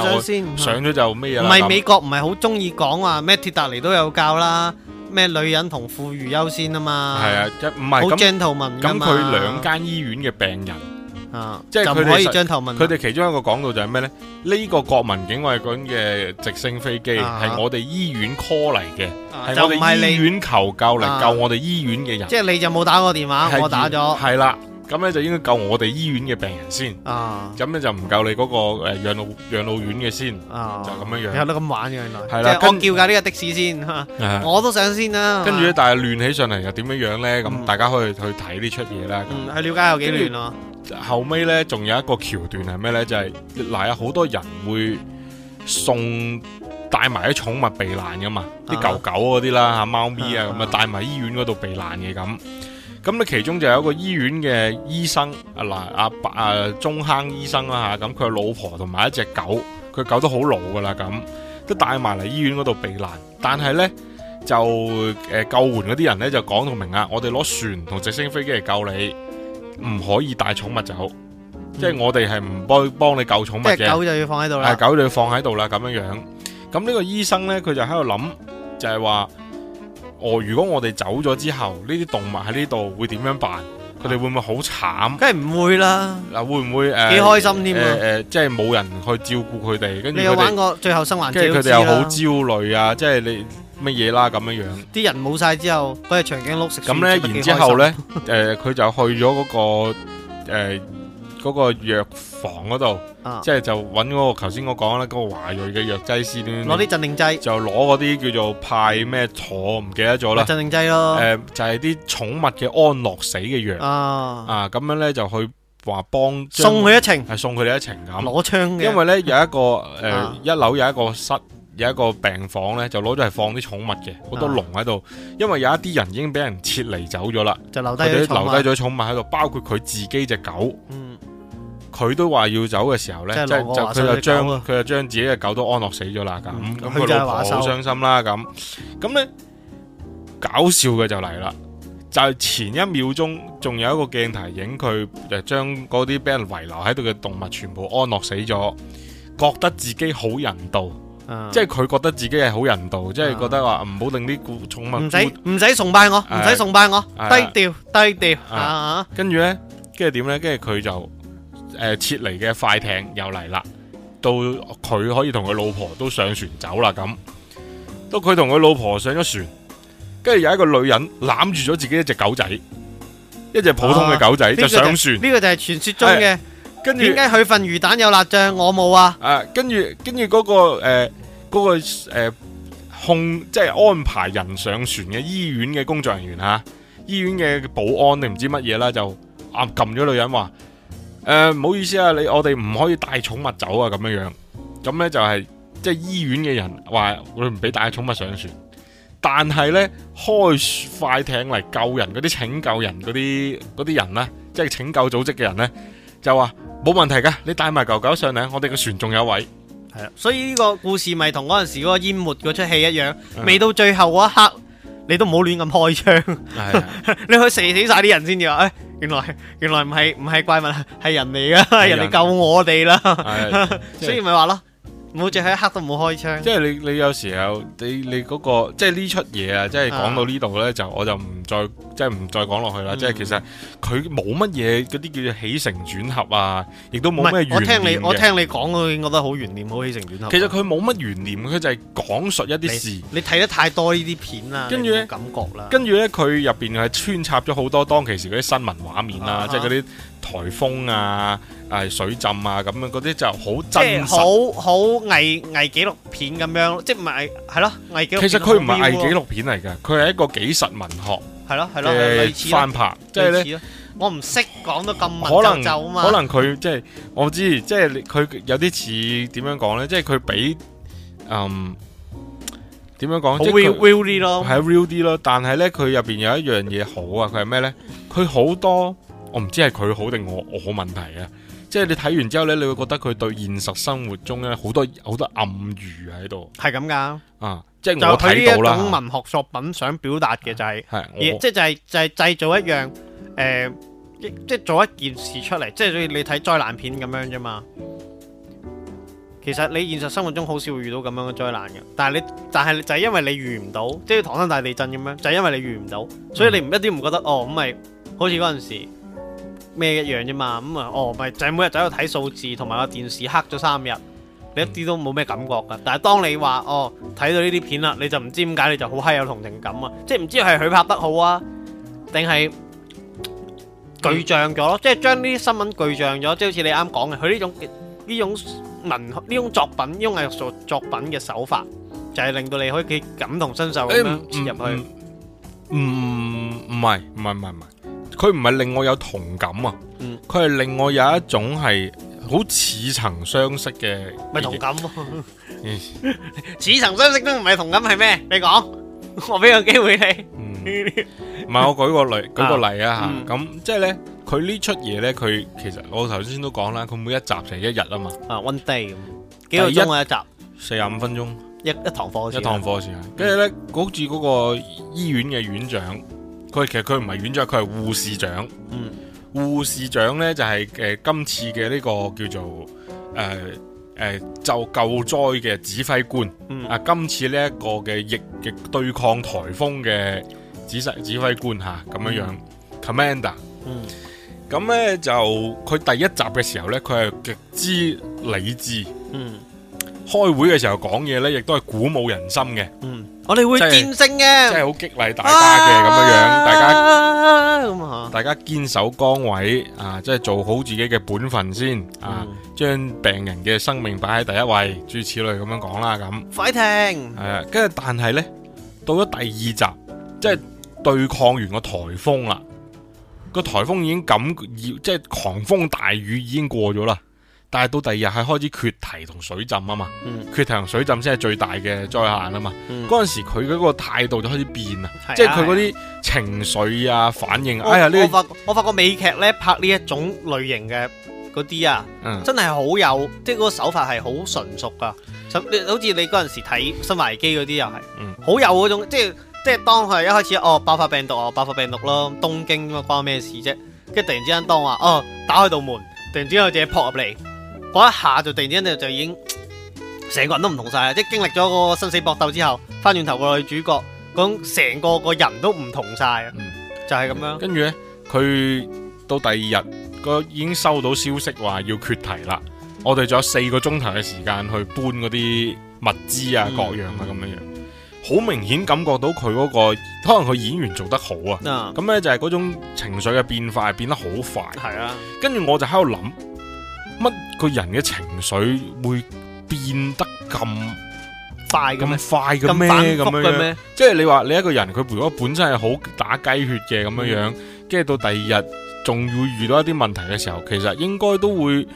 上咗就咩嘢唔係美國唔係好中意講話，咩鐵達尼都有教啦，咩女人同婦孺優先啊嘛。係啊，唔係好 gentleman 㗎嘛。咁佢兩間醫院嘅病人啊，即係佢哋，佢哋其中一個講到就係咩咧？呢個國民警衛軍嘅直升飛機係我哋醫院 call 嚟嘅，就唔係你院求救嚟救我哋醫院嘅人。即係你就冇打過電話，我打咗。係啦。咁咧就應該救我哋醫院嘅病人先，咁咧就唔夠你嗰個誒養老養老院嘅先，就咁樣樣。有得咁玩嘅，原來係啦，我叫解呢個的士先，我都想先啦。跟住咧，但係亂起上嚟又點樣樣咧？咁大家可以去睇呢出嘢啦。嗯，去了解有幾亂咯。後尾咧，仲有一個橋段係咩咧？就係嗱，有好多人會送帶埋啲寵物避難噶嘛，啲狗狗嗰啲啦，吓貓咪啊，咁啊帶埋醫院嗰度避難嘅咁。咁咧，其中就有一個醫院嘅醫生，啊嗱，阿、啊、白，誒、啊，中坑醫生啦吓，咁、啊、佢老婆同埋一隻狗，佢狗都好老噶啦，咁都帶埋嚟醫院嗰度避難。但係咧，就誒、呃、救援嗰啲人咧就講到明啊，我哋攞船同直升飛機嚟救你，唔可以帶寵物走，嗯、即係我哋係唔幫幫你救寵物嘅。狗就要放喺度啦。係狗就要放喺度啦，咁樣樣。咁呢個醫生咧，佢就喺度諗，就係、是、話。哦，如果我哋走咗之後，呢啲動物喺呢度會點樣辦？佢哋會唔會好慘？梗係唔會啦。嗱，會唔會誒？幾開心添誒、啊呃呃，即係冇人去照顧佢哋，跟住你有玩過最後生還者之？即係佢哋又好焦慮啊！即係你乜嘢啦咁樣樣。啲人冇晒之後，佢係長頸鹿食。咁咧，然之後咧，誒、呃，佢就去咗嗰、那個誒。呃嗰個藥房嗰度，即係就揾嗰個頭先我講啦，嗰個華裔嘅藥劑師攞啲鎮定劑，就攞嗰啲叫做派咩妥唔記得咗啦，鎮定劑咯，誒就係啲寵物嘅安樂死嘅藥啊咁樣呢，就去話幫送佢一程，係送佢哋一程咁，攞槍嘅，因為呢有一個誒一樓有一個室有一個病房呢，就攞咗嚟放啲寵物嘅好多籠喺度，因為有一啲人已經俾人撤離走咗啦，就留低留低咗寵物喺度，包括佢自己隻狗。佢都話要走嘅時候呢，就佢就將佢就將自己嘅狗都安樂死咗啦，咁咁個老婆好傷心啦，咁咁咧搞笑嘅就嚟啦，就前一秒鐘仲有一個鏡頭影佢就將嗰啲俾人遺留喺度嘅動物全部安樂死咗，覺得自己好人道，即係佢覺得自己係好人道，即係覺得話唔好令啲古寵物唔使唔使崇拜我，唔使、啊、崇拜我，啊、低調低調，跟住呢？跟住點呢？跟住佢就。誒、呃，撤離嘅快艇又嚟啦，到佢可以同佢老婆都上船走啦咁，到佢同佢老婆上咗船，跟住有一個女人攬住咗自己一隻狗仔，一隻普通嘅狗仔，啊、就上船。呢，啊這個這個就係傳說中嘅，啊。跟住點解佢份魚蛋有辣醬，我冇后啊？誒，跟住跟住嗰個誒、呃那個誒、呃，控，即、就、係、是、安排人上船嘅醫院嘅工作人員吓，啊，醫院嘅保安定唔知乜嘢啦，就啊撳咗女人話。誒，唔、呃、好意思啊，你我哋唔可以帶寵物走啊，咁樣樣咁咧就係、是，即係醫院嘅人話，佢唔俾帶寵物上船。但係呢，開快艇嚟，救人嗰啲，拯救人嗰啲啲人呢，即係拯救組織嘅人呢，就話冇問題嘅，你帶埋狗狗上嚟，我哋個船仲有位係啊。所以呢個故事咪同嗰陣時嗰個淹沒嗰齣戲一樣，的未到最後嗰一刻。你都唔好亂咁開槍， 你可以射死晒啲人先至話，哎，原來原來唔係唔係怪物，係人嚟㗎，人嚟救我哋啦 所以咪話咯。的 冇，就喺一刻都冇開槍。即係你，你有時候，你你嗰，嗰個，即係呢齣嘢啊，即係講到呢度咧，啊、就我就唔再，即係唔再講落去啦。嗯、即係其實佢冇乜嘢，嗰啲叫做起承轉合啊，亦都冇咩。唔係，我聽你，我聽你講，已經覺得好懸念，好起承轉合，啊。其實佢冇乜懸念，佢就係講述一啲事。你睇得太多呢啲片啦，跟住咧，冇感覺啦。跟住咧，佢入邊係穿插咗好多當其時嗰啲新聞畫面啦，啊，即係嗰啲。台風啊，誒，水浸啊，咁樣嗰啲就好真實，啊、好好偽偽紀錄片咁樣，即係唔係，係咯偽紀錄片。其實佢唔係偽紀錄片嚟嘅，佢係、嗯、一個紀實文學，係咯係咯，類似翻拍，即係咧。我唔識講到咁文縐縐啊嘛，可能，可能佢即係我知，即係佢有啲似點樣講咧，即係佢比嗯點樣講 real real 啲咯，係 real 啲咯。但係咧，佢入邊有一樣嘢好啊，佢係咩咧？佢好多。我唔知係佢好定我我好問題啊，即係你睇完之後呢，你會覺得佢對現實生活中咧好多好多暗喻，喺度，係咁噶，啊、嗯，即係就睇呢一種文學作品想表達嘅就係即係就係、是、製、就是就是、造一樣誒，即、呃、係、就是、做一件事出嚟，即、就、係、是、你睇災難片咁樣啫嘛。其實你現實生活中好少會遇到咁樣嘅災難嘅，但係你但係就係因為你遇唔到，即、就、係、是、唐山大地震咁樣，就係、是、因為你遇唔到，所以你唔一啲唔覺得哦咁咪好似嗰陣時。咩一樣啫嘛，咁、嗯、啊，哦，咪就係、是、每日走去睇數字，同埋個電視黑咗三日，你一啲都冇咩感覺噶。嗯、但係當你話哦睇到呢啲片啦，你就唔知點解你就好嗨有同情感啊，即係唔知係佢拍得好啊，定係具象咗咯，即係將呢啲新聞具象咗，即係好似你啱講嘅，佢呢種呢種文呢種作品，呢種藝術作品嘅手法，就係、是、令到你可以感同身受咁切入去。唔唔係唔係唔係。嗯嗯嗯嗯佢唔係令我有同感啊，佢係令我有一種係好似曾相識嘅，唔係同感，似曾相識都唔係同感，係咩？你講，我俾個機會你。唔係，我舉個例，舉個例啊吓，咁即係咧，佢呢出嘢咧，佢其實我頭先都講啦，佢每一集成一日啊嘛，啊，one day 咁，幾個鐘啊一集，四十五分鐘，一一堂課，一堂課時間，跟住咧，好似嗰個醫院嘅院長。佢其實佢唔係院長，佢係護士長。護、嗯、士長呢就係、是、誒、呃、今次嘅呢、這個叫做誒誒就救災嘅指揮官。嗯、啊今次呢、這、一個嘅疫嘅對抗台風嘅指揮指揮官吓咁、啊、樣樣，commander。咁呢就佢第一集嘅時候呢，佢係極之理智。嗯，開會嘅時候講嘢呢，亦都係鼓舞人心嘅。嗯。我哋會戰勝嘅，即係好激勵大家嘅咁樣樣，大家咁啊，大家堅守崗位啊，即係做好自己嘅本分先啊，嗯、將病人嘅生命擺喺第一位，諸如此類咁樣講啦，咁快停，係啊，跟住但係呢，到咗第二集，即係對抗完個台風啦，個台風已經感熱，即係狂風大雨已經過咗啦。但係到第二日係開始缺堤同水浸啊嘛，缺堤同水浸先係最大嘅災難啊嘛。嗰陣時佢嗰個態度就開始變啦，即係佢嗰啲情緒啊反應。哎呀呢！我發我發覺美劇呢，拍呢一種類型嘅嗰啲啊，真係好有即係嗰個手法係好純熟噶。好似你嗰陣時睇《生化危機》嗰啲又係好有嗰種，即係即係當佢一開始哦爆發病毒哦爆發病毒咯，東京關咩事啫？跟住突然之間當話哦打開道門，突然之間有隻撲入嚟。我一下就突然之間就已經成個人都唔同晒。即係經歷咗嗰個生死搏鬥之後，翻轉頭個女主角咁成個個人都唔同晒。啊、嗯！就係咁樣。跟住咧，佢、嗯、到第二日個已經收到消息話要決題啦。我哋仲有四個鐘頭嘅時間去搬嗰啲物資啊，各樣啊咁樣樣。好、嗯嗯、明顯感覺到佢嗰、嗰個，可能佢演員做得好啊。咁咧就係嗰種情緒嘅變化係變得好快。係啊。跟住我就喺度諗。乜個人嘅情緒會變得咁快咁快嘅咩？咁反覆嘅咩？即係你話你一個人佢如果本身係好打雞血嘅咁樣樣，跟住、嗯、到第二日仲要遇到一啲問題嘅時候，其實應該都會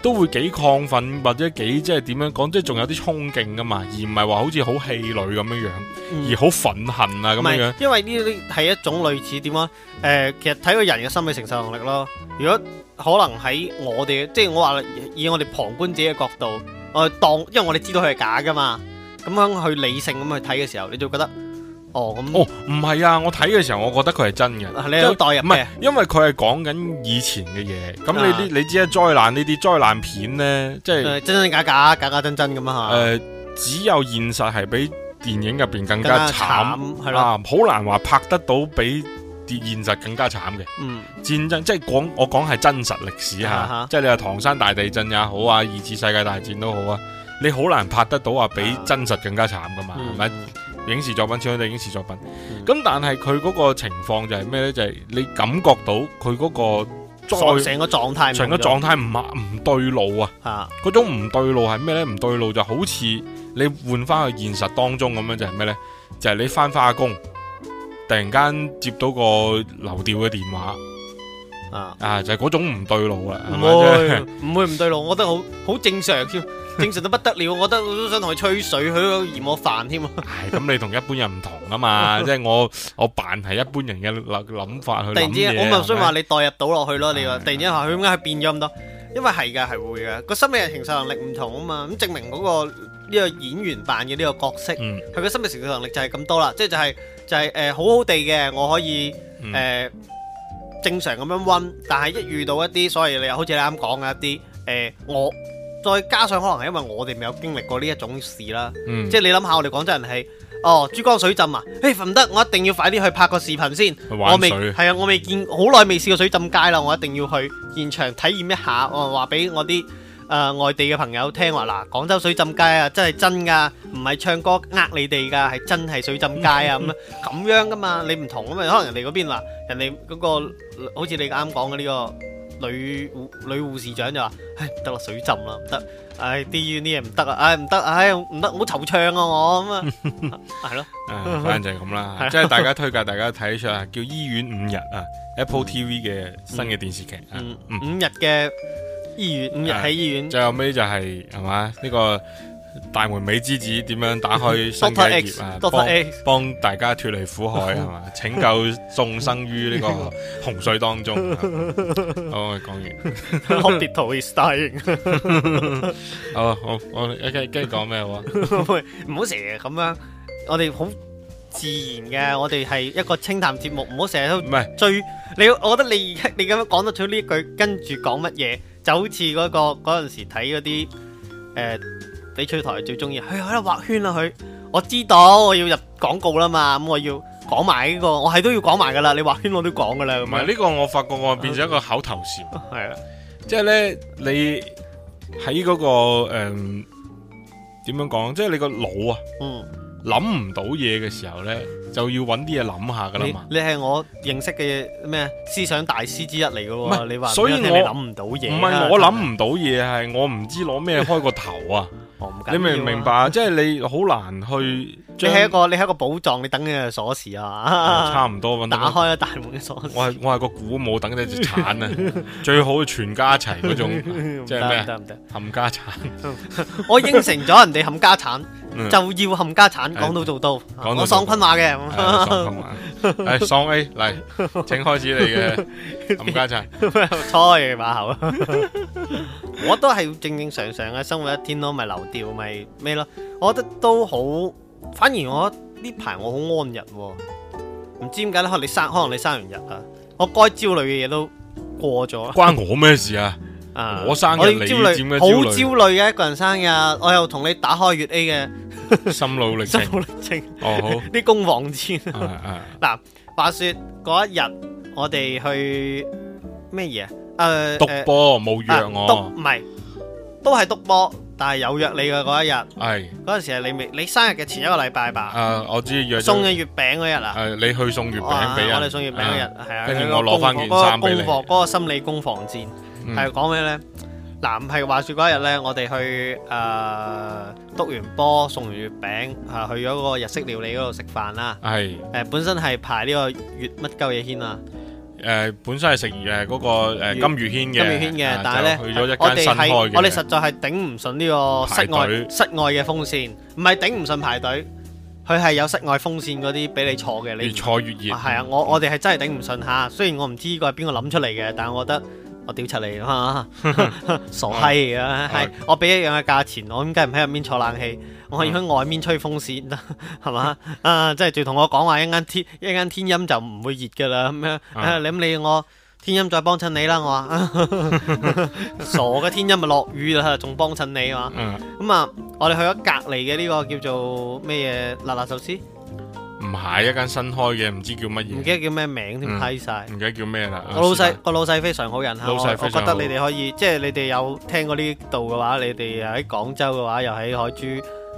都會幾亢奮或者幾即係點樣講，即係仲有啲衝勁噶嘛，而唔係話好似好氣餒咁樣樣，嗯、而好憤恨啊咁樣樣。因為呢啲係一種類似點啊？誒、呃，其實睇個人嘅心理承受能力咯。如果可能喺我哋，即係我話以我哋旁觀者嘅角度，我、呃、當，因為我哋知道佢係假噶嘛，咁樣去理性咁去睇嘅時候，你就覺得，哦咁。哦，唔係啊，我睇嘅時候，我覺得佢係真嘅，即係代入唔係，因為佢係講緊以前嘅嘢，咁你啲、啊、你知啊，災難呢啲災難片咧，即係真真假假，假假真真咁啊吓。誒、呃，只有現實係比電影入邊更加慘，係咯，好、啊、難話拍得到比。啲現實更加慘嘅，嗯、戰爭即係講我講係真實歷史吓，啊、哈即係你話唐山大地震也好啊，二次世界大戰都好啊，你好難拍得到話、啊、比真實更加慘噶嘛，係咪、嗯？影視作品只可以影視作品，咁、嗯嗯、但係佢嗰個情況就係咩呢？就係、是、你感覺到佢嗰個再成個狀態，成個狀態唔唔對路啊，嗰、啊、種唔對路係咩呢？唔對路就好似你換翻去現實當中咁樣，就係、是、咩呢？就係、是、你翻翻下工。突然間接到個流掉嘅電話，啊啊就係嗰種唔對路啦，唔會唔會唔對路，我覺得好好正常，正常到不得了，我覺得我都想同佢吹水，佢都嫌我煩添。唉，咁你同一般人唔同啊嘛，即係我我扮係一般人嘅諗諗法去。突然之間，我咪想話你代入到落去咯，你話突然之間話佢點解變咗咁多？因為係噶，係會噶，個心理承受能力唔同啊嘛，咁證明嗰個呢個演員扮嘅呢個角色，佢嘅心理承受能力就係咁多啦，即係就係。就係、是呃、好好地嘅，我可以誒、呃嗯、正常咁樣溫，但係一遇到一啲所以你好似你啱講嘅一啲誒、呃，我再加上可能係因為我哋未有經歷過呢一種事啦，嗯、即係你諗下我哋廣州人係哦珠江水浸啊，誒唔得，我一定要快啲去拍個視頻先，我未係啊，我未見好耐未試過水浸街啦，我一定要去現場體驗一下，呃、我話俾我啲。誒外地嘅朋友聽話嗱，廣州水浸街啊，真係真㗎，唔係唱歌呃你哋㗎，係真係水浸街啊咁樣咁樣㗎嘛，你唔同咁嘛，可能人哋嗰邊話，人哋嗰個好似你啱講嘅呢個女護女護士長就話，唉，得落水浸啦，唔得，唉，啲醫院啲嘢唔得啊，唉唔得，唉唔得，好惆悵啊我咁啊，係咯，反正就係咁啦，即係大家推介大家睇出嚟，叫醫院五日啊，Apple TV 嘅新嘅電視劇，五日嘅。醫院五日喺醫院，嗯、醫院最後尾就係，係嘛，呢個大門美之子點樣打開雙界業啊？幫幫 X. 大家脫離苦海係嘛？拯救眾生於呢個洪水當中。好，講完。Hospital is dying。我我跟跟住講咩話？唔好成日咁樣。我哋好自然嘅，我哋係一個清談節目，唔好成日都追，唔係，你。我覺得你而家你咁樣講到咗呢句，跟住講乜嘢？就好似嗰個嗰陣時睇嗰啲，誒、呃，翡翠台最中意，佢喺度畫圈啦，佢我知道我要入廣告啦嘛，咁我要講埋呢個，我係都要講埋噶啦，你畫圈我都講噶啦。唔係呢個，我發覺我變咗一個口頭禪。係啊，即係咧，你喺嗰、那個誒，點、呃、樣講？即、就、係、是、你個腦啊，嗯。諗唔到嘢嘅時候呢，就要揾啲嘢諗下噶啦。你係我認識嘅咩思想大師之一嚟噶喎。唔係，所以你諗唔到嘢、啊。唔係我諗唔到嘢，係我唔知攞咩開個頭啊。 你明唔明白啊？即係 你好難去。你係一個你係一個寶藏，你等緊嘅鎖匙啊！嘛，差唔多，打開咗大門嘅鎖匙。我係我係個古墓等你財產啊！最好全家齊嗰種，即係咩？冚家產。我應承咗人哋冚家產，就要冚家產，講到做到。講到喪坤話嘅。係喪 A 嚟，請開始你嘅冚家產。猜馬口。我都係正正常常嘅生活一天咯，咪流掉咪咩咯？我覺得都好。反而我呢排我好安逸，哦，唔知點解咧？可你生可能你生完日啊，我該焦慮嘅嘢都過咗。關我咩事啊？啊我生日你好焦慮嘅一個人生日，我又同你打開月 A 嘅 心路歷程，心路歷程哦，好啲攻防戰。嗱，話說嗰一日我哋去咩嘢？誒、啊，賭、啊、波冇約我？督、啊？唔係都係督波。但係有約你嘅嗰一日，係嗰陣時係你未你生日嘅前一個禮拜吧。誒、啊，我知約送嘅月餅嗰日啦。係、啊、你去送月餅俾我哋送月餅嘅日係啊。啊我攞翻件衫俾你。嗰個，嗰個心理攻防戰係講咩咧？嗱、嗯，唔係話說嗰一日咧，我哋去誒督、呃、完波，送完月餅，係去咗嗰個日式料理嗰度食飯啦。係誒是、呃，本身係排呢個月乜鳩嘢軒啊。誒、呃、本身係食誒嗰個金月軒嘅，金月軒嘅，呃、但係咧，去咗一我哋係我哋實在係頂唔順呢個室外室隊外嘅風扇，唔係頂唔順排隊，佢係有室外風扇嗰啲俾你坐嘅，越坐越熱。係啊，啊，我我哋係真係頂唔順吓。雖然我唔知呢個係邊個諗出嚟嘅，但係我覺得我屌柒你啊，哈哈 傻閪啊！係、哎、我俾一樣嘅價錢，我點解唔喺入面坐冷氣？我以喺外面吹風扇，係 嘛？啊，即係仲同我講話，一間天一間天陰，就唔會熱噶啦咁樣。你咁你我天陰再幫襯你啦，我話傻嘅，天陰咪落雨啦，仲幫襯你啊，咁啊，我哋去咗隔離嘅呢個叫做咩嘢辣辣壽司？唔係一間新開嘅，唔知叫乜嘢？唔記得叫咩名添，睇晒。唔、嗯、記得叫咩啦？個老細個間老細非常好人，好人我我覺得你哋可以，即係你哋有聽過呢度嘅話，你哋喺廣州嘅話又喺海珠。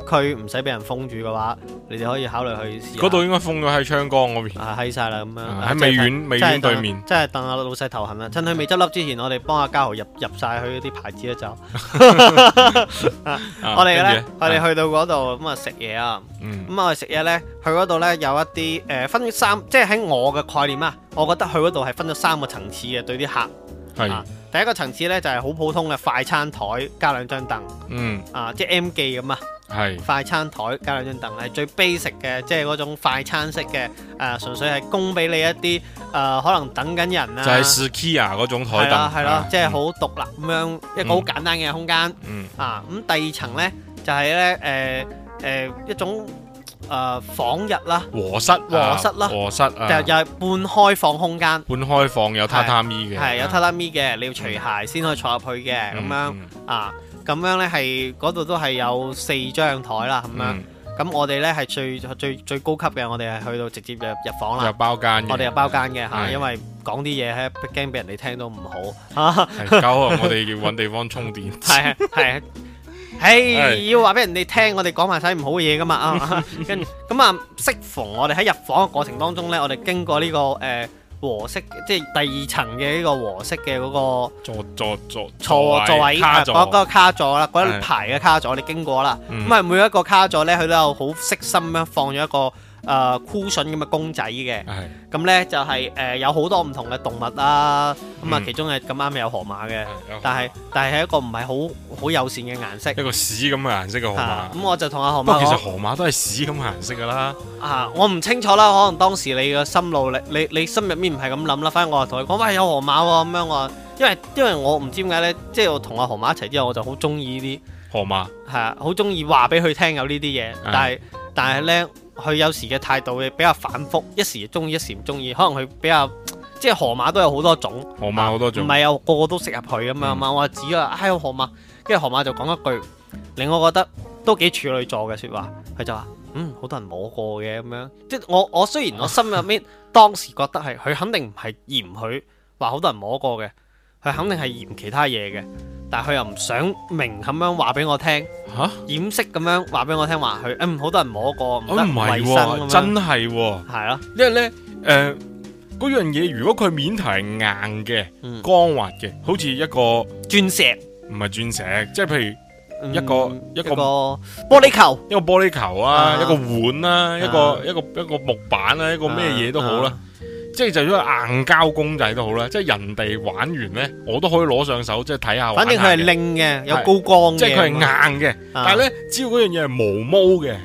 佢唔使俾人封住嘅話，你哋可以考慮去試。嗰度應該封咗喺昌崗嗰邊，係喺晒啦咁樣，喺美院美院對面。即係等阿老細頭痕啦，趁佢未執笠之前，我哋幫阿嘉豪入入晒佢啲牌子啦就。我哋咧，我哋去到嗰度咁啊食嘢啊。嗯。咁啊我哋食嘢咧，去嗰度咧有一啲誒分三，即係喺我嘅概念啊，我覺得去嗰度係分咗三個層次嘅對啲客。係。第一個層次咧就係好普通嘅快餐台加兩張凳。嗯。啊，即係 M 記咁啊。係是快餐台加兩張凳，係最 basic 嘅，即係嗰種快餐式嘅，誒、呃，純粹係供俾你一啲誒、呃，可能等緊人啦、啊。就係 IKEA 嗰種檯凳，係咯，即係好獨立，咁、啊嗯、樣一個好簡單嘅空間。嗯嗯、啊，咁第二層呢，就係、是、咧，誒、呃，誒、呃，一種誒，仿、呃、日啦，和室，和室啦，和室，就係半開放空間，半開放有榻榻米嘅，係是的有榻榻米嘅、啊，你要除鞋先可以坐入去嘅，咁樣,樣啊。咁樣呢，係嗰度都係有四張台啦。咁樣，咁我哋呢係最最最高級嘅，我哋係去到直接入入房啦。入包間，我哋入包間嘅吓，因為講啲嘢喺驚俾人哋聽到唔好吓。搞到我哋要搵地方充電。係係，係要話俾人哋聽，我哋講埋晒唔好嘅嘢噶嘛。跟住咁啊，適逢我哋喺入房嘅過程當中呢，我哋經過呢個誒。和式即係第二層嘅呢個和式嘅嗰個座座座座位，嗰個卡座啦，嗰一排嘅卡座，你經過啦，咁係、嗯、每一個卡座咧，佢都有好悉心咁樣放咗一個。誒、呃、Cool 筍咁嘅公仔嘅，咁的呢就係、是、誒、呃、有好多唔同嘅動物啦。咁啊，嗯、其中係咁啱有河馬嘅，的但係是但係一個唔係好好友善嘅顏色，一個屎咁嘅顏色嘅河馬。咁、嗯、我就同阿河馬講，不過其實河馬都係屎咁嘅顏色㗎啦。啊，我唔清楚啦，可能當時你嘅心路你你，你心入面唔係咁諗啦。反正我同佢講翻有河馬喎、啊、咁樣喎，因為因為我唔知點解呢，即係我同阿河馬一齊之後，我就好中意呢啲河馬係啊，好中意話俾佢聽有呢啲嘢，但係但係咧。佢有時嘅態度會比較反覆，一時中意一時唔中意，可能佢比較即係河馬都有好多種，河馬好多種，唔係啊個個都適合佢咁樣嘛。嗯、我話指啊，係、哎、河馬，跟住河馬就講一句令我覺得都幾處女座嘅説話，佢就話嗯好多人摸過嘅咁樣，即係我我雖然我心入面當時覺得係佢肯定唔係嫌佢話好多人摸過嘅，佢肯定係嫌其他嘢嘅。但佢又唔想明咁樣話俾我聽，掩飾咁樣話俾我聽話佢，嗯，好多人摸過唔得衛生咁樣，真係係咯，因為咧，誒，嗰樣嘢如果佢面皮係硬嘅、光滑嘅，好似一個鑽石，唔係鑽石，即係譬如一個一個玻璃球，一個玻璃球啊，一個碗啊，一個一個一個木板啊，一個咩嘢都好啦。即係，就算硬膠公仔都好啦，即係人哋玩完咧，我都可以攞上手，即係睇下。反正佢係靚嘅，有高光。即係佢係硬嘅，但係咧，只要嗰樣嘢係毛毛嘅，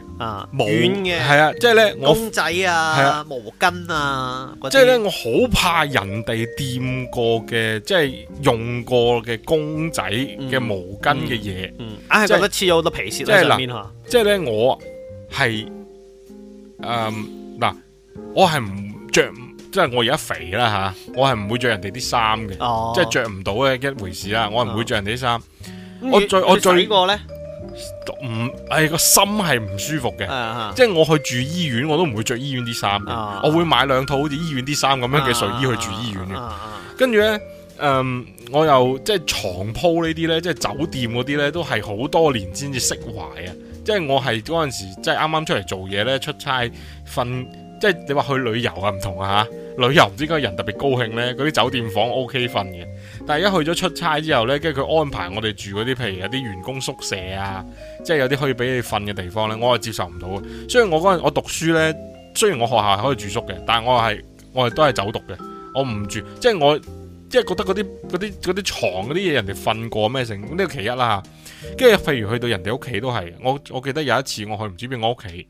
毛，軟嘅係啊，即係咧，公仔啊，係啊，毛巾啊，即係咧，我好怕人哋掂過嘅，即係用過嘅公仔嘅毛巾嘅嘢，啊，覺得黐咗好多皮屑喺上面啊。即係咧，我係，嗯，嗱，我係唔着。即係我而家肥啦吓，我係唔會着人哋啲衫嘅，oh. 即係着唔到嘅一回事啦。我係唔會着人哋啲衫。我着我着呢個咧，唔，哎個心係唔舒服嘅，oh. 即係我去住醫院，我都唔會着醫院啲衫嘅。Oh. 我會買兩套好似醫院啲衫咁樣嘅睡衣去住醫院嘅。跟住咧，嗯，我又即係床鋪呢啲咧，即係酒店嗰啲咧，都係好多年先至釋懷啊！即係我係嗰陣時，即係啱啱出嚟做嘢咧，出差瞓。即係你話去旅遊啊，唔同啊，旅遊唔知點解人特別高興呢？嗰啲酒店房 O K 瞓嘅。但係一去咗出差之後呢，跟住佢安排我哋住嗰啲，譬如有啲員工宿舍啊，即係有啲可以俾你瞓嘅地方呢，我係接受唔到嘅。雖然我嗰日我讀書呢，雖然我學校係可以住宿嘅，但係我係我係都係走讀嘅，我唔住。即係我即係覺得嗰啲嗰啲嗰啲床嗰啲嘢人哋瞓過咩成呢個其一啦，跟住、啊、譬如去到人哋屋企都係，我我記得有一次我去唔知邊個屋企。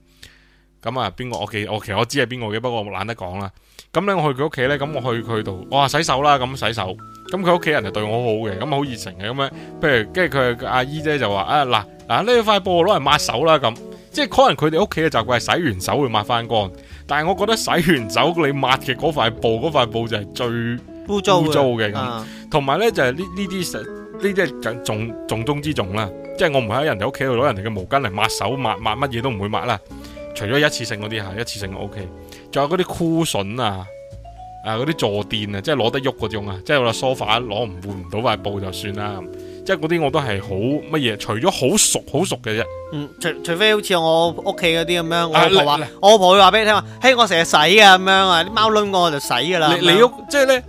咁啊，邊個屋企？我其實我知係邊個嘅，不過我懶得講啦。咁、嗯、咧，我去佢屋企咧，咁我去佢度，我話洗手啦，咁、嗯、洗手。咁佢屋企人就對我好好嘅，咁好熱情嘅，咁、嗯、樣。譬如跟住佢阿姨姐就話啊，嗱嗱呢塊布攞嚟抹手啦，咁、嗯、即係可能佢哋屋企嘅習慣係洗完手會抹翻乾，但係我覺得洗完手你抹嘅嗰塊布，嗰塊布就係最污糟嘅咁。同埋咧就係呢呢啲呢啲係重重中之重啦，即係我唔喺人哋屋企度攞人哋嘅毛巾嚟抹手抹抹乜嘢都唔會抹啦。除咗一次性嗰啲嚇，一次性 O K，仲有嗰啲箍筍啊，啊嗰啲坐墊啊，即係攞得喐嗰種啊，即係我話梳化攞唔換唔到塊布就算啦，即係嗰啲我都係好乜嘢，除咗好熟好熟嘅啫。嗯，除除非好似我屋企嗰啲咁樣，我老婆話，啊、我老婆會話俾你聽話，嘿來，我成日來洗啊咁樣啊，啲貓輪我我就洗噶啦，你樣你喐即係咧。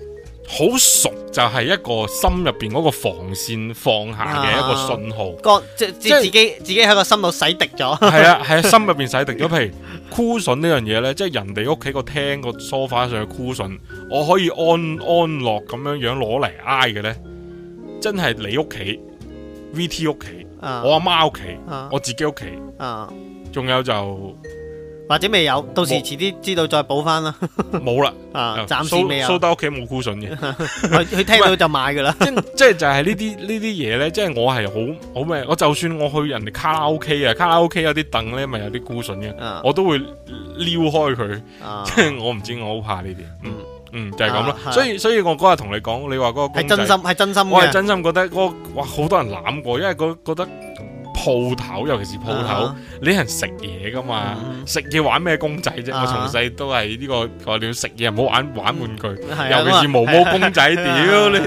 好熟就係、是、一個心入邊嗰個防線放下嘅一個信號，即、uh, 就是、自己、就是、自己喺個心度洗滌咗。係啊係啊，啊 心入邊洗滌咗。譬如 cushion 呢樣嘢咧，即係人哋屋企個廳個梳化上嘅 cushion 我可以安安落咁樣樣攞嚟挨嘅咧，真係你屋企、VT 屋企、uh, 我阿媽屋企、uh, 我自己屋企，仲、uh, 有就。或者未有，到時遲啲知道再補翻啦。冇啦，啊，暫時未有。蘇屋企冇菇筍嘅，佢佢聽到就買噶啦。即即係就係呢啲呢啲嘢咧，即係我係好好咩？我就算我去人哋卡拉 OK 啊，卡拉 OK 有啲凳，咧，咪有啲菇筍嘅，我都會撩開佢。即係我唔知，我好怕呢啲。嗯嗯，就係咁咯。所以所以，我嗰日同你講，你話嗰個係真心，係真心。我係真心覺得嗰個哇，好多人攬過，因為覺覺得。鋪頭尤其是鋪頭，uh huh. 你係食嘢噶嘛？食嘢，uh huh. 玩咩公仔啫，uh huh. 這個？我從細都係呢個，我話你要食嘢，唔好玩玩玩具，uh huh. 尤其是毛毛公仔，屌你！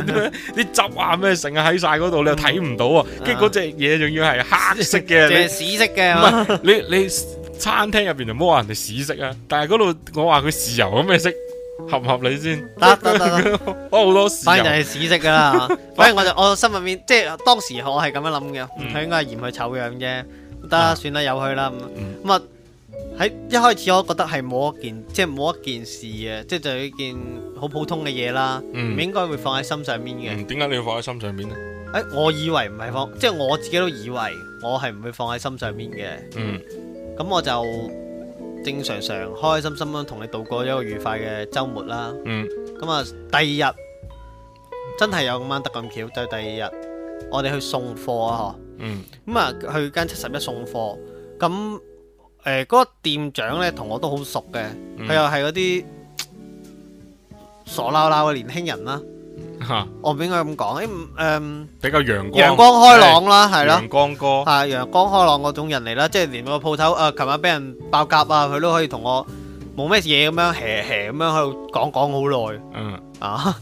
你執啊咩？成日喺晒嗰度，你又睇唔到啊！跟住嗰隻嘢仲要係黑色嘅，係 屎色嘅你。 你你，你餐廳入邊就冇話人哋屎色啊！但係嗰度我話佢豉油咁咩色。合唔合理先？得得得，好多屎事，反正就係屎色噶啦。反正我就我心入面，即、就、係、是、當時我係咁樣諗嘅，佢、嗯、應該係嫌佢醜樣啫。得，啦，啊、算啦，有佢啦。咁啊，喺一開始我覺得係冇一件，即係冇一件事嘅，即係就呢、是、件好普通嘅嘢啦。唔、嗯、應該會放喺心上面嘅。點解、嗯、你要放喺心上面呢？誒、欸，我以為唔係放，即、就、係、是、我自己都以為我係唔會放喺心上面嘅。嗯。咁、嗯、我就。正常常開開心心咁同你度過一個愉快嘅周末啦。嗯，咁啊，第二日真係有咁啱得咁巧，就第二日我哋去送貨啊！嗬。嗯。咁啊，去間七十一送貨，咁誒，嗰個店長咧同我都好熟嘅，佢、嗯、又係嗰啲傻鬧鬧嘅年輕人啦、啊。我唔應該咁講，誒，嗯，比較陽光、陽光開朗啦，係啦，陽光哥，係陽光開朗嗰種人嚟啦，即係連個鋪頭，誒，琴日俾人爆格啊，佢都可以同我冇咩嘢咁樣，斜斜咁樣喺度講講好耐，嗯，啊，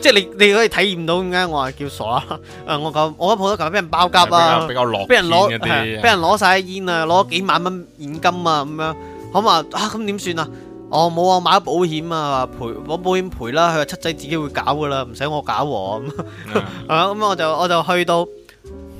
即係你你可以體驗到點解我係叫傻，誒，我咁，我喺鋪頭琴日俾人爆格啊，比較落，俾人攞，俾人攞晒煙啊，攞幾萬蚊現金啊，咁樣，好嘛啊，啊，咁點算啊？哦，冇啊，買咗保險啊，話保險賠啦，佢話七仔自己會搞噶啦，唔使我搞喎咁，係嘛？咁我就我就去到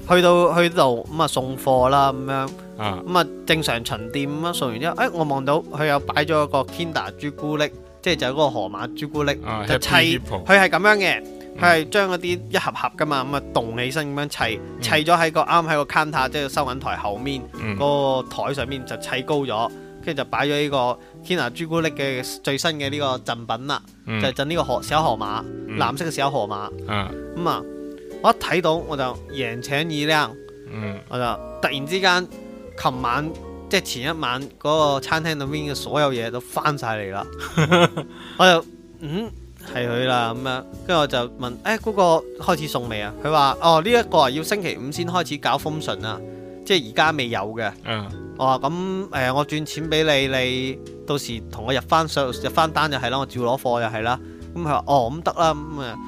去到去度咁啊送貨啦咁樣，咁啊正常巡店咁啊送完之後，誒我望到佢有擺咗個 Kinder 朱古力，即係就係嗰個河馬朱古力，就砌佢係咁樣嘅，佢係將嗰啲一盒盒噶嘛，咁啊棟起身咁樣砌砌咗喺個啱喺個 counter 即係收銀台後面嗰個台上面就砌高咗，跟住就擺咗呢個。天牙朱古力嘅最新嘅呢個贈品啦，嗯、就贈呢個河小河馬，藍色嘅小河馬。咁、嗯嗯、啊，我一睇到我就贏請意靚，嗯、我就突然之間，琴晚即係前一晚嗰個餐廳裏邊嘅所有嘢都翻晒嚟啦。 我就嗯係佢啦咁樣，跟住、嗯、我就問誒嗰、哎、個開始送未啊？佢話哦呢一、這個啊要星期五先開始搞封信啊。即係而家未有嘅，嗯嗯嗯，我話，咁誒，我轉錢俾你，你到時同我入翻上入翻單就係啦，我照攞貨又係啦。咁佢話哦咁得啦，咁啊，嗯、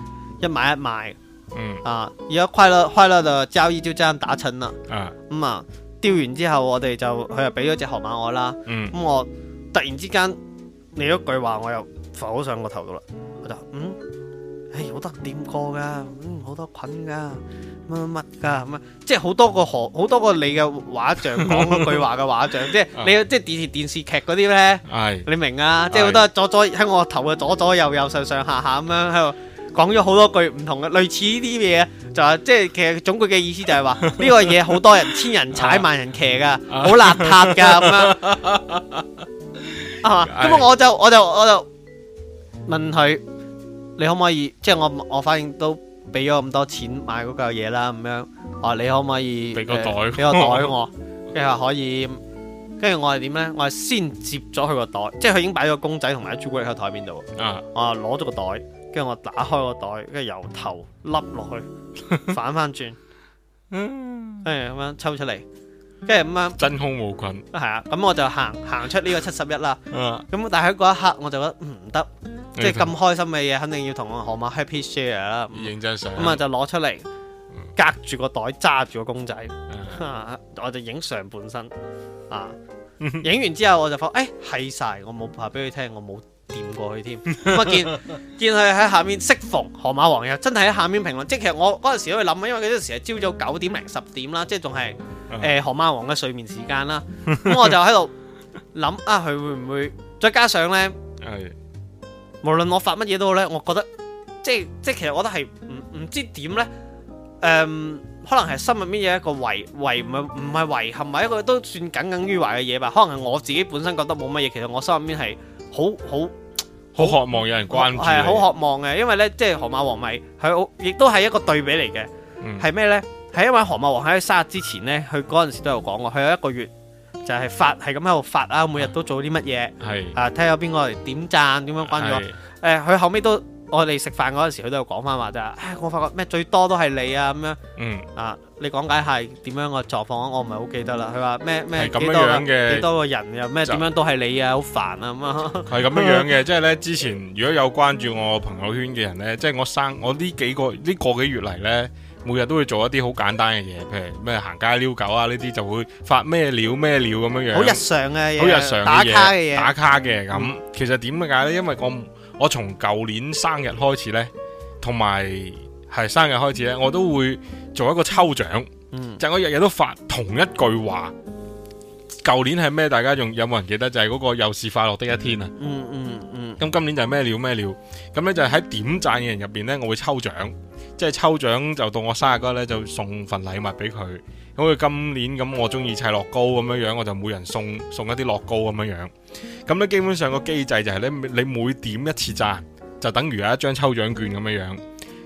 一買一賣，嗯、啊而家快樂快樂就交易招，這樣達成啦。咁啊掉完之後我，我哋就佢又俾咗隻河馬我啦。咁，嗯嗯、我突然之間你一句話，我又浮上個頭度啦。我就嗯，誒好得掂過噶，嗯好多菌噶。乜乜噶咁啊！即係好多個河，好多個你嘅畫像，講嗰句話嘅畫像，即係你即係 電視電視劇嗰啲呢，你明啊？即係好多左左喺我個頭啊，左左右右上上下下咁樣喺度講咗好多句唔同嘅類似呢啲嘢，就係，即係其實總括嘅意思就係話呢個嘢好多人千人踩 萬人騎噶，好邋遢噶咁樣。咁啊，我就我就我就問佢，你可唔可以？即係我我反應都。俾咗咁多錢買嗰嚿嘢啦，咁樣，啊，你可唔可以俾個袋俾個袋我？跟住話可以，跟住、呃、我係點 呢？我係先接咗佢個袋，即係佢已經擺咗公仔同埋啲朱古力喺台面度。啊，我攞咗個袋，跟住我打開個袋，跟住由頭笠落去，反翻轉，嗯，跟住咁樣抽出嚟。跟住咁樣真空無菌，啊係啊，咁我就行行出呢個七十一啦，咁但係喺嗰一刻我就覺得唔得，即係咁開心嘅嘢，肯定要同我河馬 happy share 啦，影張相，咁啊就攞出嚟，隔住個袋揸住個公仔，我就影上半身，啊，影完之後我就發，誒係晒，我冇話俾佢聽，我冇。掂過去添，咁啊見佢喺下面適逢河馬王又真係喺下面評論，即係其實我嗰陣時都去諗因為嗰陣時係朝早九點零十點啦，即係仲係誒河馬王嘅睡眠時間啦，咁我就喺度諗啊，佢會唔會再加上咧？無論我發乜嘢都好呢，我覺得即係即係其實我覺得係唔唔知點呢。誒可能係心入面有一個遺遺唔係唔係遺憾，唔係一個都算耿耿於懷嘅嘢吧？可能係我自己本身覺得冇乜嘢，其實我心入面係好好。好渴望有人關注你，係好渴望嘅，因為咧，即係河馬王咪佢好亦都係一個對比嚟嘅，係咩咧？係因為河馬王喺生日之前咧，佢嗰陣時都有講過，佢有一個月就係發係咁喺度發啊，每日都做啲乜嘢，係是啊，睇下有邊個嚟點讚點樣關注，誒是，佢、呃、後尾都。我哋食飯嗰陣時，佢都有講翻話就係，我發覺咩最多都係你啊咁樣。嗯。啊，你講解下點樣個狀況啊？我唔係好記得啦。佢話咩咩係咁樣樣嘅？幾多個人又咩點樣都係你啊，好煩啊咁啊。係咁樣樣嘅，即係咧之前如果有關注我朋友圈嘅人咧，即係我生我呢幾個，幾個呢個幾月嚟咧，每日都會做一啲好簡單嘅嘢，譬如咩行街遛狗啊呢啲就會發咩料咩料咁樣樣。好日常嘅嘢。好日常嘅嘢。打卡嘅打卡嘅咁，其實點解咧？因為我。我從舊年生日開始呢，同埋係生日開始呢，我都會做一個抽獎，就係、我日日都發同一句話。舊年係咩？大家仲有冇人記得？就係、是、嗰、那個又是快樂的一天啊、嗯！嗯嗯嗯。咁今年就係咩料咩料，咁呢就喺點讚嘅人入邊呢，我會抽獎，即、就、係、是、抽獎就到我生日嗰日呢，就送份禮物俾佢。好似今年咁，我中意砌樂高咁樣樣，我就每人送送一啲樂高咁樣樣。咁咧基本上個機制就係咧，你每點一次讚，就等於有一張抽獎券咁樣樣。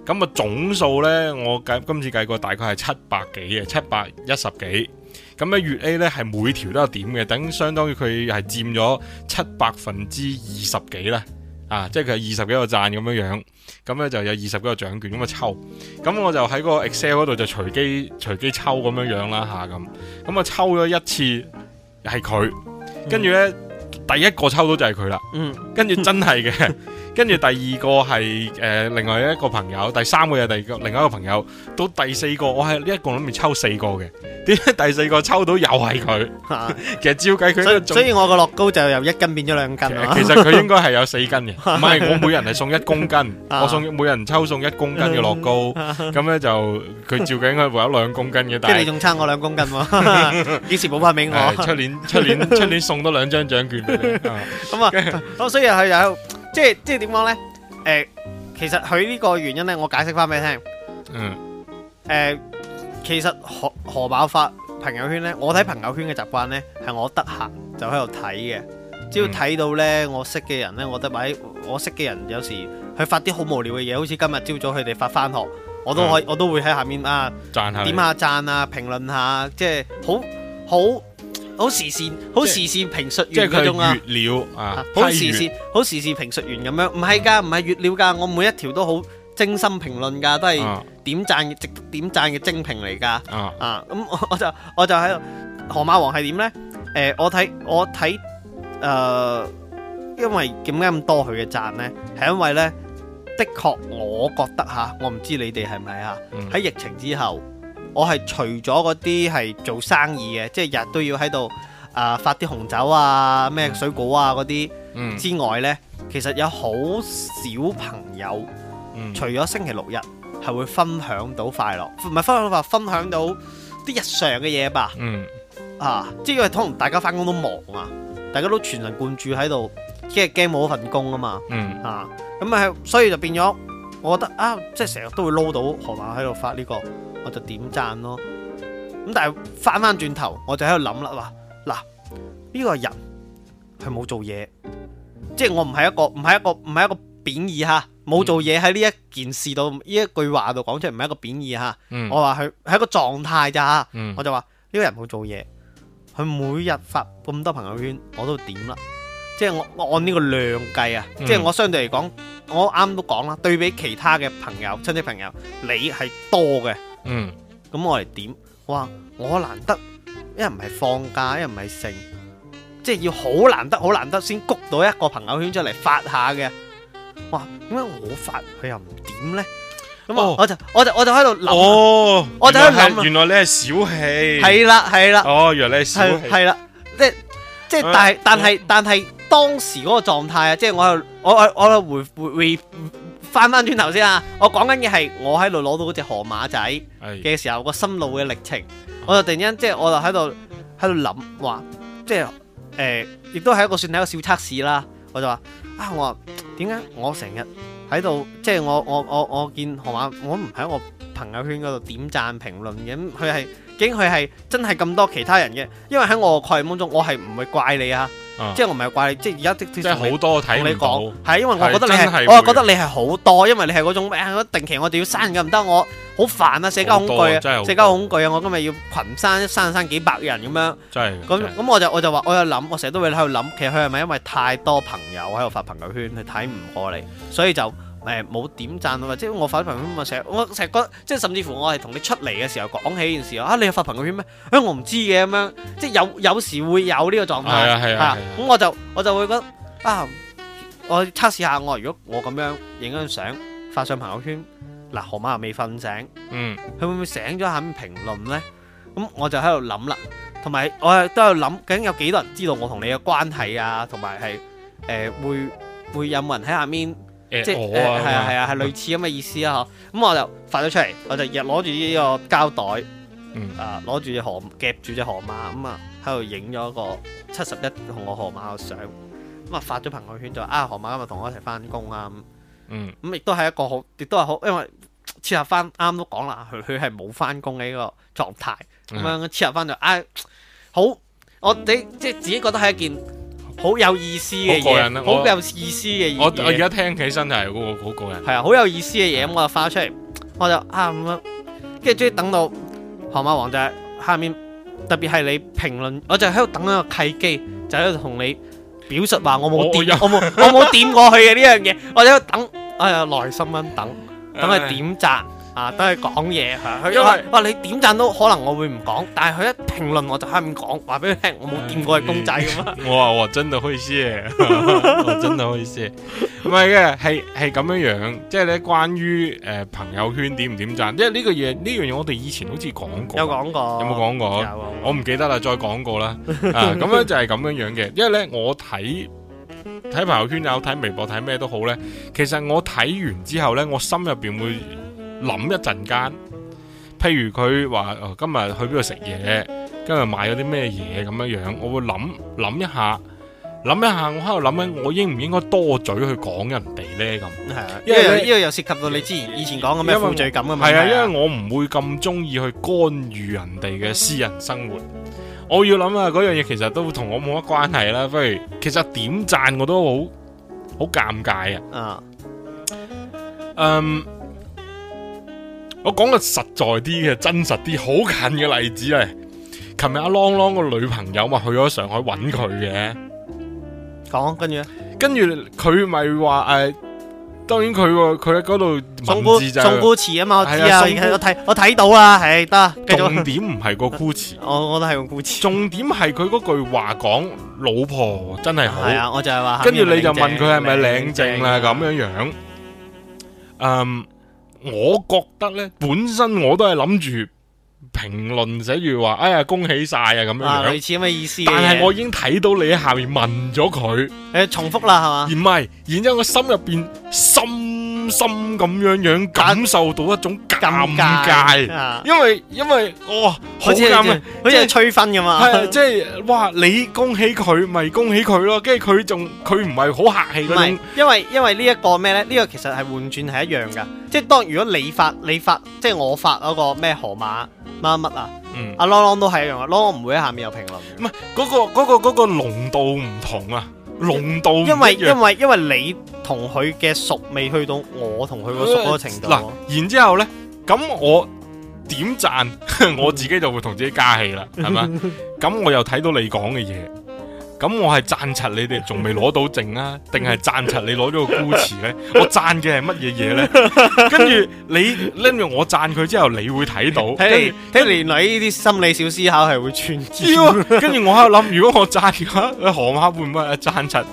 咁個總數呢，我計今次計過大概係七百幾嘅，七百一十幾。咁咧月 A 呢，係每條都有點嘅，等於相當於佢係佔咗七百分之二十幾啦。啊，即係佢有二十幾個讚咁樣樣，咁咧就有二十幾個獎券咁啊抽，咁我就喺嗰個 Excel 嗰度就隨機隨機抽咁樣樣啦吓咁，咁啊抽咗一次係佢，跟住咧、嗯、第一個抽到就係佢啦，嗯、跟住真係嘅。跟住第二個係誒另外一個朋友，第三個又第二個另外一個朋友，到第四個我係呢一共諗住抽四個嘅，點解第四個抽到又係佢？其實照計佢。所以所以我個樂高就由一斤變咗兩斤。其實佢應該係有四斤嘅，唔係我每人係送一公斤，我送每人抽送一公斤嘅樂高，咁咧就佢照計應該會有兩公斤嘅。但係你仲差我兩公斤喎？幾時補翻俾我？出年出年出年送多兩張獎券。咁啊，咁所以係有。即係即係點講呢？誒、呃，其實佢呢個原因呢，我解釋翻俾你聽。嗯、呃。其實何何寶發朋友圈呢，我睇朋友圈嘅習慣呢，係我得閒就喺度睇嘅。只要睇到呢，我識嘅人呢，我覺得，我識嘅人有時佢發啲好無聊嘅嘢，好似今日朝早佢哋發翻學，我都可以，嗯、我都會喺下面啊，讚下面點下讚啊，評論下，即係好好。好時事，好時事評述員嗰種啊！好、啊、時事，好時事評述員咁樣，唔係噶，唔係越料噶，我每一條都好精心評論噶，都係點讚，啊、值得點讚嘅精評嚟噶。啊、啊，咁我我就我就喺度，河馬王係點呢？誒、呃，我睇我睇誒、呃，因爲點解咁多佢嘅讚呢？係因爲呢，的確我覺得吓，我唔知你哋係咪啊？喺疫情之後。我係除咗嗰啲係做生意嘅，即係日都要喺度啊，發啲紅酒啊、咩水果啊嗰啲、嗯、之外呢，其實有好少朋友、嗯、除咗星期六日係會分享到快樂，唔係分享到快樂，分享到啲日常嘅嘢吧？嗯、啊，即係因為通常大家翻工都忙啊，大家都全神貫注喺度，即係驚冇一份工嘛啊嘛啊咁啊，所以就變咗我覺得啊，即係成日都會撈到何華喺度發呢、呢個。我就點讚咯。咁但係翻翻轉頭，我就喺度諗啦，話嗱呢個人，佢冇做嘢，即係我唔係一個唔係一個唔係一個貶義哈。冇、嗯、做嘢喺呢一件事度，呢一句話度講出嚟，唔係一個貶義哈。嗯、我話佢係一個狀態咋嚇，嗯、我就話呢、呢個人冇做嘢，佢每日發咁多朋友圈，我都點啦，即係我我按呢個量計啊，嗯、即係我相對嚟講，我啱都講啦，對比其他嘅朋友、親戚朋友，你係多嘅。嗯，咁我嚟點？哇！我難得，因為唔係放假，因為唔係盛，即係要好難得、好難得先谷到一個朋友圈出嚟發下嘅。哇！點解我發佢又唔點咧？咁啊，我就我就我就喺度諗，我就喺度諗，原來你係小氣，係啦係啦，哦，原來你係小氣，係啦，即係、嗯嗯、即係但係但係、嗯、但係當時嗰個狀態啊，即係我又我我我回回。返返轉頭先啊！我講緊嘅係我喺度攞到嗰隻河馬仔嘅時候的個心路嘅歷程，我就突然間即係我就喺度喺度諗話，即係誒，亦、就是呃、都係一個算係一個小測試啦。我就話啊，我話我點解我成日喺度即係我我我我見河馬我唔喺我朋友圈嗰度點讚評論嘅，佢係竟佢係真係咁多其他人嘅，因為喺我概念中我係唔會怪你啊。嗯、即係我唔係怪你，即係而家即係好多，我同你講，係因為我覺得你，我係覺得你係好多，因為你係嗰種、啊、定期我哋要刪嘅唔得，我好煩啊！社交恐懼啊，社交恐懼啊！我今日要群刪刪刪幾百人咁樣，咁咁我就我就話，我有諗，我成日都會喺度諗，其實佢係咪因為太多朋友喺度發朋友圈，佢睇唔過嚟，所以就。誒，冇點讚啊嘛，即係我發朋友圈，我成我成日覺得，即係甚至乎我係同你出嚟嘅時候講起件事啊，你有發朋友圈咩？誒，我唔知嘅咁樣，即係有有時會有呢個狀態，係啊係啊，咁我就我就會覺得啊，我測試下我如果我咁樣影張相發上朋友圈，嗱，何媽又未瞓醒，嗯，佢會唔會醒咗喺下面評論咧？咁我就喺度諗啦，同埋我係都有諗，究竟有幾多人知道我同你嘅關係啊？同埋係誒會會有冇人喺下面？即係係啊係啊係類似咁嘅意思啊、嗯。嗬，咁我就發咗出嚟，我就日攞住呢個膠袋，啊攞住隻河夾住隻河馬，咁啊喺度影咗個七十一同個河馬嘅相，咁啊發咗朋友圈就啊，河馬今日同我一齊翻工啊，嗯，咁亦都係一個好，亦都係好，因為切入翻啱都講啦，佢佢係冇翻工嘅一個狀態，咁樣切入翻就啊、哎、好，我哋即係自己覺得係一件。好有意思嘅嘢，啊、好有意思嘅嘢。我而家聽起身係個好個人、啊。係啊，好有意思嘅嘢，咁、嗯、我就發出嚟，我就啊咁樣，跟住終於等到河馬王仔、就係、下面，特別係你評論，我就喺度等一個契機，就喺度同你表述話我冇點，我冇我冇點過去嘅呢樣嘢，我就喺度等，哎呀，耐心咁等，等佢點讚。嗯啊，都係講嘢，因為你點讚都可能我會唔講，但係佢一評論我就喺面講，話俾佢聽我冇見過嘅公仔咁啊！我我 真係好意思，我真係好意思，唔係嘅，係係咁樣樣，即係咧關於誒、呃、朋友圈點唔點讚，因為呢個嘢呢樣嘢我哋以前好似講過，有講過，有冇講過？有，我唔記得啦，再講過啦，啊，咁樣就係咁樣樣嘅，因為咧我睇睇朋友圈啊，睇微博睇咩都好咧，其實我睇完之後咧，我心入邊會。諗一陣間，譬如佢話今日去邊度食嘢，今日買咗啲咩嘢咁樣樣，我會諗諗一下，諗一下，我喺度諗緊，我應唔應該多嘴去講人哋呢？咁係啊，因為因為又涉及到你之前為以前講嘅咩負罪感嘅問題係啊，啊，因為我唔會咁中意去干預人哋嘅私人生活，嗯、我要諗下嗰樣嘢其實都同我冇乜關係啦。不如，其實點讚我都好好尷尬啊。嗯。我講個實在啲嘅，真實啲、好近嘅例子咧，琴日阿朗朗個女朋友咪去咗上海揾佢嘅。講跟住，跟住佢咪話誒，當然佢個佢喺嗰度宋顧詞啊嘛，係啊，我睇我睇到啦，係得，重點唔係個顧詞，我我都係個顧詞，重點係佢嗰句話講老婆真係好，係啊，我就係話，跟住你就問佢係咪領證啦咁樣樣，嗯。我覺得咧，本身我都係諗住評論，寫住話，哎呀，恭喜晒啊咁樣樣，啊。類似咁嘅意思。但係我已經睇到你喺下面問咗佢，誒、呃，重複啦係嘛？而唔係，然之後我心入邊心。心咁樣樣感受到一種尷尬，尷尬因，因為因為哇，好似好似吹分噶嘛，即係是 哇，你恭喜佢咪恭喜佢咯，跟住佢仲佢唔係好客氣嗰種因為因為呢一個咩咧，呢、這個其實係換轉係一樣噶，即係當如果你發你發即係、就是、我發嗰個咩河馬乜乜啊，什麼什麼嗯、阿朗朗都係一樣朗朗唔會喺下面有評論，唔係嗰個嗰、那個嗰、那個濃、那個那個、度唔同啊。濃度，因為因為因為你同佢嘅熟未去到我同佢個熟嗰程度，呃然，然之後呢，咁我點讚， 我自己就會同自己加氣啦，係咪？咁 我又睇到你講嘅嘢。咁我係讚柒你哋仲未攞到證啊？定係讚柒你攞咗個歌詞咧？我讚嘅係乜嘢嘢咧？跟住你拎住我讚佢之後，你會睇到。睇嚟你呢啲心理小思考係會串。跟住我喺度諗，如果我讚嘅河馬會唔會係讚柒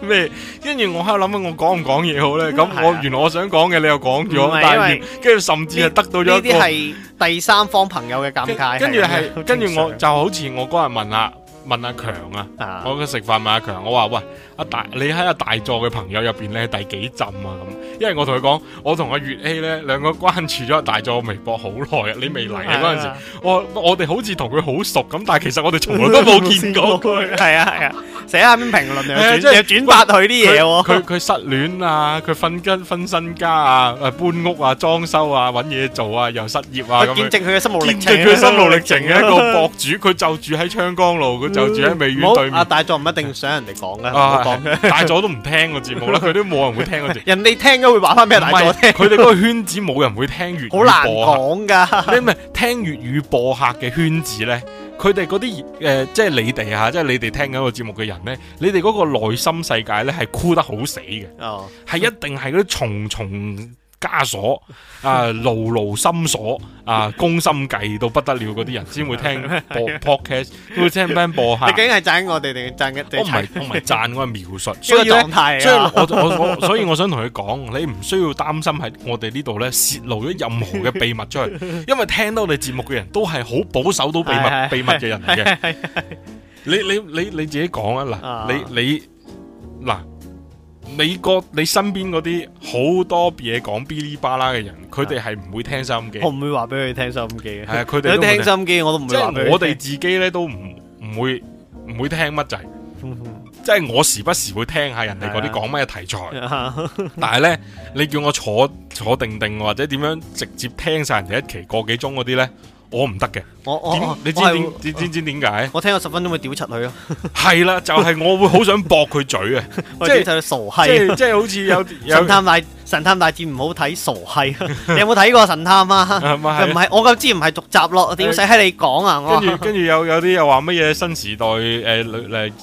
咩？跟住我喺度諗啊，我講唔講嘢好咧？咁我原來我想講嘅，你又講咗，但係跟住甚至係得到咗呢啲係第三方朋友嘅尷尬。跟住係跟住我就好似我嗰日問啦。問阿、啊、強啊，uh. 我去食飯問阿、啊、強，我話喂。阿大，你喺阿大作嘅朋友入邊咧，第幾陣啊？咁，因為我同佢講，我同阿月希咧，兩個關注咗大作微博好耐啊。你未嚟嗰陣時，我我哋好似同佢好熟咁，但係其實我哋從來都冇見過。係啊係啊，成日喺評論又轉又轉發佢啲嘢。佢佢失戀啊，佢瞓家分身家啊，誒搬屋啊，裝修啊，搵嘢做啊，又失業啊。見證佢嘅心路歷程、啊，佢嘅心路歷程、啊。嘅 一個博主，佢就住喺昌江路，佢就住喺美院、嗯、對面。阿、啊、大作唔一定想人哋講嘅。啊 大咗都唔聽個節目啦，佢 都冇人會聽嗰節。 人哋聽咗會玩翻畀大咗聽？佢哋嗰個圈子冇人會聽粵語播啊！好難講㗎。你唔係聽粵語播客嘅難 圈子咧，佢哋嗰啲誒，即係你哋嚇，即係你哋聽緊個節目嘅人咧，你哋嗰個內心世界咧係箍得好死嘅，係、oh. 一定係嗰啲重重。枷鎖啊，牢牢心鎖啊，攻心計到不得了，嗰啲人先會聽播 podcast，都會聽唔聽播吓？你究竟係讚我哋定讚？我唔係唔係讚，我係描述。所以狀態啊！我我我，所以我想同佢講，你唔需要擔心喺我哋呢度咧泄露咗任何嘅秘密出去，因為聽到我哋節目嘅人都係好保守到秘密秘密嘅人嚟嘅。你你你你自己講啊嗱，你你嗱。你個你身邊嗰啲好多嘢講嗶哩巴啦嘅人，佢哋係唔會聽收音機。 我唔會話俾佢聽收音機。係啊，佢哋聽收音機我都唔會，即係我哋自己咧 都唔唔會唔會聽乜就係， 即係我時不時會聽下人哋嗰啲講乜題材。 但係咧，你叫我坐坐定定或者點樣直接聽晒人哋一期個幾鐘嗰啲咧？我唔得嘅，怎我我你知點？是你知知知點解？我聽咗十分鐘會屌出佢咯。係啦，就係、是、我會好想駁佢嘴啊，即係傻閪，即係好似有有。有 神探大戰唔好睇，傻閪！你有冇睇過神探啊？唔係，我咁知唔係續集咯？點使喺你講啊？跟住，跟住有有啲又話乜嘢新時代誒誒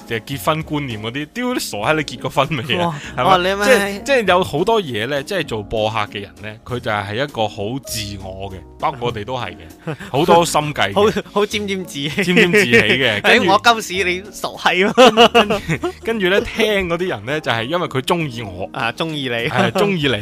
結婚觀念嗰啲，屌傻閪！你結過婚未啊？你係即係有好多嘢咧，即係做播客嘅人咧，佢就係一個好自我嘅，包括我哋都係嘅，好多心計，好尖尖字，尖尖字起嘅。我今時你傻閪咯！跟住咧，聽嗰啲人咧，就係因為佢中意我啊，中意你，中意你。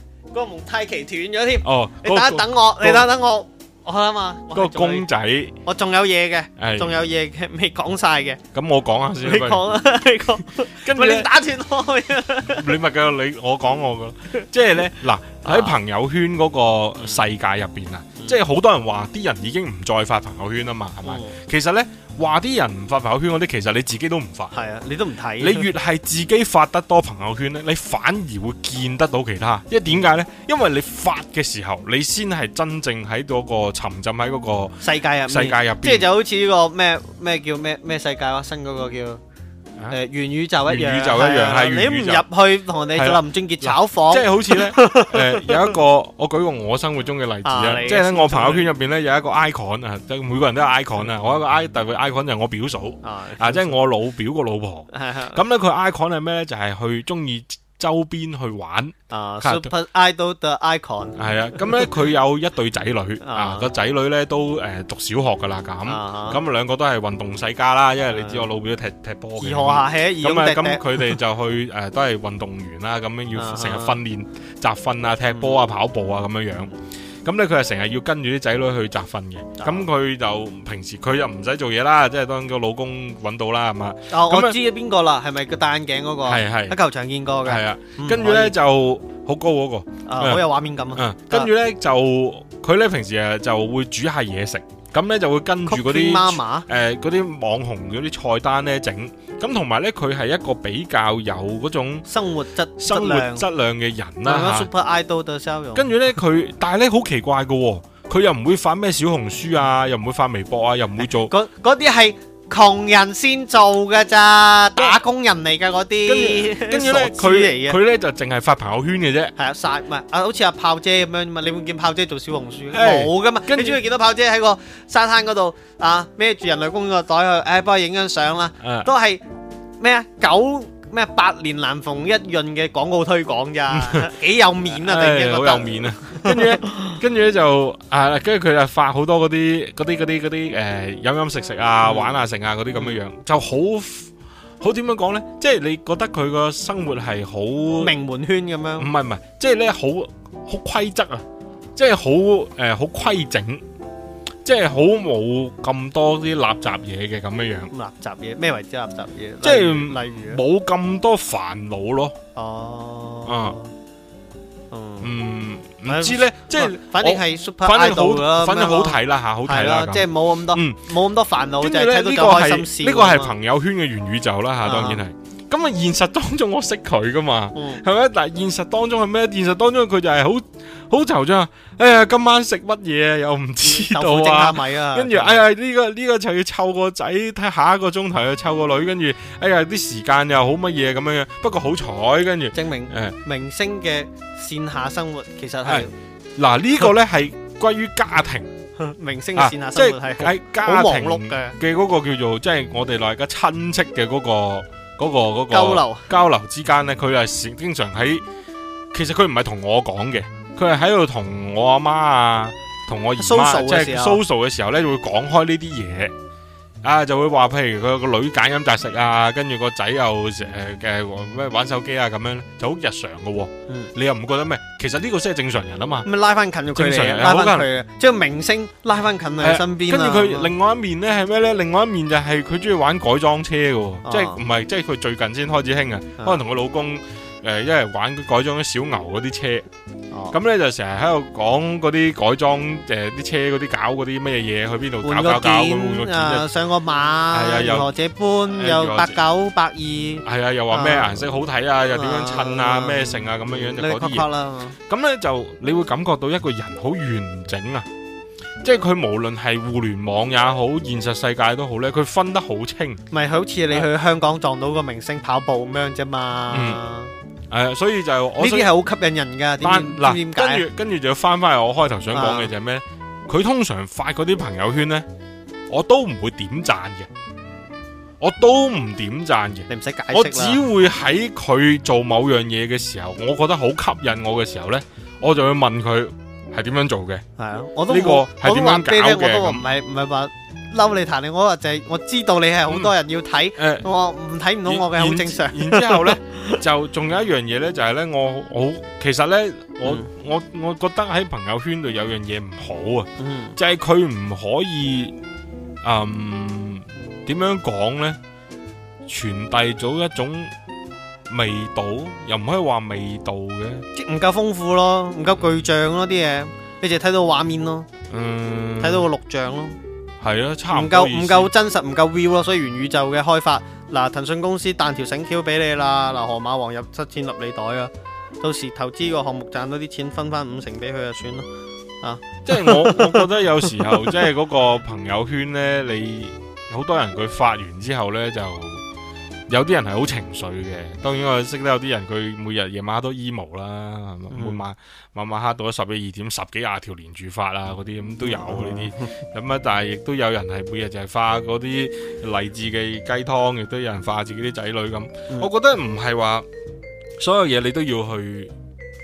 個蒙太奇斷咗添，你等一等我，你等等我，我啊嘛，個公仔，我仲有嘢嘅，仲有嘢嘅未講晒嘅，咁我講下先，你講啊，你講，跟住你打斷我啊，你咪繼續，你我講我噶，即係咧，嗱喺朋友圈嗰個世界入邊啊，即係好多人話啲人已經唔再發朋友圈啊嘛，係咪？其實咧。話啲人唔發朋友圈嗰啲，其實你自己都唔發。係啊，你都唔睇。你越係自己發得多朋友圈咧，你反而會見得到其他。因為點解呢？因為你發嘅時候，你先係真正喺嗰個沉浸喺嗰個世界入、啊、世界入邊。即係就好似呢、這個咩咩叫咩咩世界啊、新嗰個叫。誒，元宇宙一樣，你唔入去同你哋林俊傑炒房，即係好似咧，誒有一個，我舉個我生活中嘅例子啊，即係喺我朋友圈入邊咧有一個 icon 啊，每個人都有 icon 啊，我一個 icon，但係 icon 就係我表嫂啊，即係我老表個老婆，咁咧佢 icon 係咩咧？就係去中意。周邊去玩啊、uh, 卡！Super Idol 的 icon 係啊，咁咧佢有一對仔女、uh huh. 啊，個仔女咧都誒、呃、讀小學㗎啦咁，咁、uh huh. 兩個都係運動世家啦，因為你知我老表踢踢波嘅二河下起二河咁佢哋就去誒、呃、都係運動員啦，咁樣要成日訓練、集訓啊、huh. 踢波啊、跑步啊咁樣樣。咁咧佢係成日要跟住啲仔女去集訓嘅，咁佢就平時佢又唔使做嘢啦，即係當個老公揾到啦，係嘛？哦，我知咗邊個啦，係咪個戴眼鏡嗰個？係係喺球場見過嘅。係啊，跟住咧就好高嗰個，啊好有畫面感啊！跟住咧就佢咧平時啊就會煮下嘢食，咁咧就會跟住嗰啲誒嗰啲網紅嗰啲菜單咧整。咁同埋咧，佢係一個比較有嗰種生活質生活質量嘅人啦。跟住咧，佢 但係咧好奇怪嘅喎、哦，佢又唔會發咩小紅書啊，又唔會發微博啊，又唔會做嗰啲係。啊窮人先做嘅咋，對打工人嚟嘅嗰啲，跟住佢嚟嘅，佢咧就淨係發朋友圈嘅啫。係啊，曬唔係啊，好似阿炮姐咁樣嘛，你會見炮姐做小紅書冇嘅嘛，跟著你中意見到炮姐喺個沙灘嗰度啊，孭住人類公園個袋去，哎、啊、幫佢影張相啦、啊，啊、都係咩啊狗。咩百年難逢一潤嘅廣告推廣咋？幾 有面啊！係、 哎呦，好有面啊！跟住咧，跟住咧就係跟住佢就發好多嗰啲嗰啲嗰啲嗰啲誒飲飲食食啊玩下、啊、成啊嗰啲咁嘅樣，就好好點樣講咧？即係、就是、你覺得佢個生活係好名門圈咁樣？唔係唔係，即係咧好好規則啊，即係好誒好規整。即係好冇咁多啲垃圾嘢嘅咁樣樣。垃圾嘢咩，為之垃圾嘢？即係例如冇咁多煩惱咯。哦。嗯。唔知咧，即係反正係 super idol 啦。反正好睇啦吓，好睇啦。即係冇咁多，冇咁多煩惱。咁咧呢個係呢個係朋友圈嘅元宇宙啦吓，當然係。咁啊、嗯！現實當中我識佢㗎嘛，係咪？但係，現實當中係咩？現實當中佢就係好好惆悵。哎呀，今晚食乜嘢又唔知道啊！下米啊，跟住著哎呀，呢、這個呢、這個就要湊個仔睇下一個鐘頭去湊個女，跟住哎呀啲時間又好乜嘢咁樣嘅。不過好彩，跟住證明誒明星嘅線下生活其實係嗱，呢個呢係關於家庭 明星嘅線下生活係係、啊、家庭嘅嘅嗰個叫做即係我哋來家親戚嘅嗰、那個。嗰個、嗰個交流、交流之間咧，佢係常經常喺，其實佢唔係同我講嘅，佢係喺度同我阿媽啊，同我姨媽，即係 soso 嘅、就是、時候咧，會講開呢啲嘢。啊，就會話譬如佢個女揀飲擇食啊，跟住個仔又誒誒咩玩手機啊咁樣，就好日常嘅。啊、嗯，你又唔覺得咩？其實呢個先係正常人啊嘛。咪拉翻近咗距離，拉翻佢嘅，將明星拉翻近喺身邊。跟住佢另外一面咧係咩咧？另外一面就係佢中意玩改裝車嘅、啊，即係唔係即係佢最近先開始興啊？可能同佢老公。誒，因為玩改裝小牛嗰啲車，咁咧就成日喺度講嗰啲改裝誒，啲車嗰啲搞嗰啲乜嘢去邊度搞搞搞咁樣，換個件啊，上個馬，又何者搬，又八九百二，係啊，又話咩顏色好睇啊，又點樣襯啊，咩剩啊咁樣樣就嗰啲咁咧就你會感覺到一個人好完整啊，即係佢無論係互聯網也好，現實世界都好咧，佢分得好清，咪好似你去香港撞到個明星跑步咁樣啫嘛。係所以就我呢啲係好吸引人㗎。但嗱，跟住跟住就要翻翻嚟我開頭想講嘅就係咩？佢、啊、通常發嗰啲朋友圈咧，我都唔會點讚嘅，我都唔點讚嘅。你唔使解釋啦。我只會喺佢做某樣嘢嘅時候，我覺得好吸引我嘅時候咧，我就會問佢係點樣做嘅。係啊，我都冇。個樣我問你咧，我都唔係唔係話。嬲你彈你，我話就係我知道你係好多人要睇，嗯呃、我唔睇唔到我嘅好原正常。然之後咧 就仲有一樣嘢咧，就係咧我好其實咧我、嗯、我我覺得喺朋友圈度有樣嘢唔好啊，嗯、就係佢唔可以嗯點、呃、樣講咧，傳遞咗一種味道，又唔可以話味道嘅，即唔夠豐富咯，唔夠具象咯啲嘢，你就睇到畫面咯，睇、嗯、到個錄像咯。係啊，唔夠唔夠真實，唔夠 view 咯，所以元宇宙嘅開發，嗱騰訊公司彈條繩條俾你啦，嗱河馬王入七千粒你袋啊，到時投資個項目賺到啲錢分翻五成俾佢就算咯，啊！ 即係我我覺得有時候即係嗰個朋友圈呢，你好多人佢發完之後呢，就。有啲人係好情緒嘅，當然我識得有啲人佢每日夜晚黑都 emo 啦、mm. 每，每晚晚晚黑到咗十一二點，十幾廿條連住發啊，嗰啲咁都有呢啲。咁啊、mm.，但係亦都有人係每日就係發嗰啲勵志嘅雞湯，亦都有人發自己啲仔女咁。Mm. 我覺得唔係話所有嘢你都要去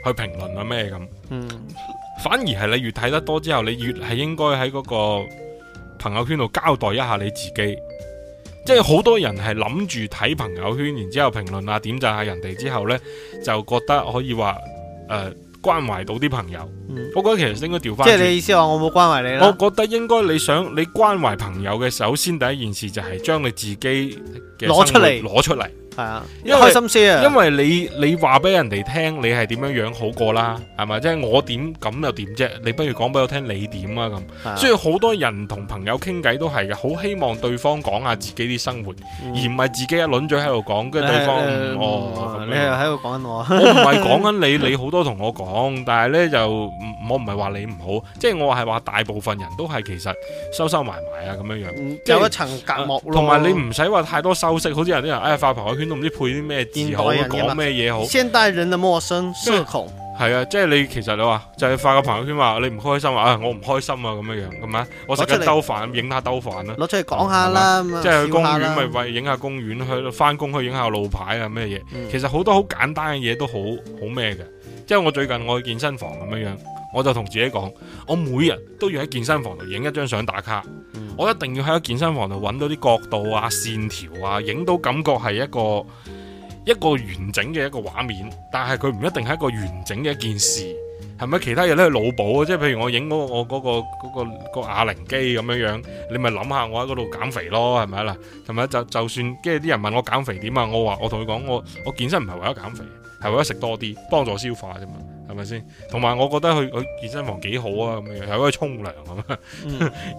去評論啊咩咁，mm. 反而係你越睇得多之後，你越係應該喺嗰個朋友圈度交代一下你自己。即係好多人係諗住睇朋友圈，然之後評論啊、點贊下人哋之後呢，就覺得可以話誒、呃、關懷到啲朋友。嗯、我覺得其實應該調翻。即係你意思話我冇關懷你啦。我覺得應該你想你關懷朋友嘅，首先第一件事就係將你自己嘅攞出嚟，攞出嚟。係啊，因為開心啊，因為你你話俾人哋聽，你係點樣樣好過啦，係咪？即係我點咁又點啫？你不如講俾我聽，你點啊咁。所以好多人同朋友傾偈都係嘅，好希望對方講下自己啲生活，而唔係自己一輪嘴喺度講，跟住對方哦，你喺度講緊我？我唔係講緊你，你好多同我講，但係呢就我唔係話你唔好，即係我係話大部分人都係其實收收埋埋啊咁樣樣，有一層隔膜。同埋你唔使話太多收息，好似有啲人哎呀發朋友圈。都唔知配啲咩字好，講咩嘢好。現代人的陌生、社恐。係啊，即係你其實你話，就係發個朋友圈話你唔開心，話啊我唔開心啊咁樣樣，係啊？我食緊兜飯，影下兜飯啦。攞出嚟講下啦，嗯、咁樣即係去公園咪影下公園，去翻工去影下路牌啊咩嘢？其實好多好簡單嘅嘢都好好咩嘅。即係我最近我去健身房咁樣樣。我就同自己講，我每日都要喺健身房度影一張相打卡，我一定要喺健身房度揾到啲角度啊、線條啊，影到感覺係一個一個完整嘅一個畫面。但係佢唔一定係一個完整嘅一件事，係咪？其他嘢都去腦補啊，即係譬如我影嗰、嗰個我嗰、嗰個嗰、嗰個、嗰個啞鈴機咁樣樣，你咪諗下我喺嗰度減肥咯，係咪啊啦？同埋就就算，跟住啲人問我減肥點啊，我話我同佢講，我我，我健身唔係為咗減肥，係為咗食多啲，幫助消化啫嘛。係咪先？同埋我覺得去去健身房幾好啊！咁樣又可以沖涼係嘛，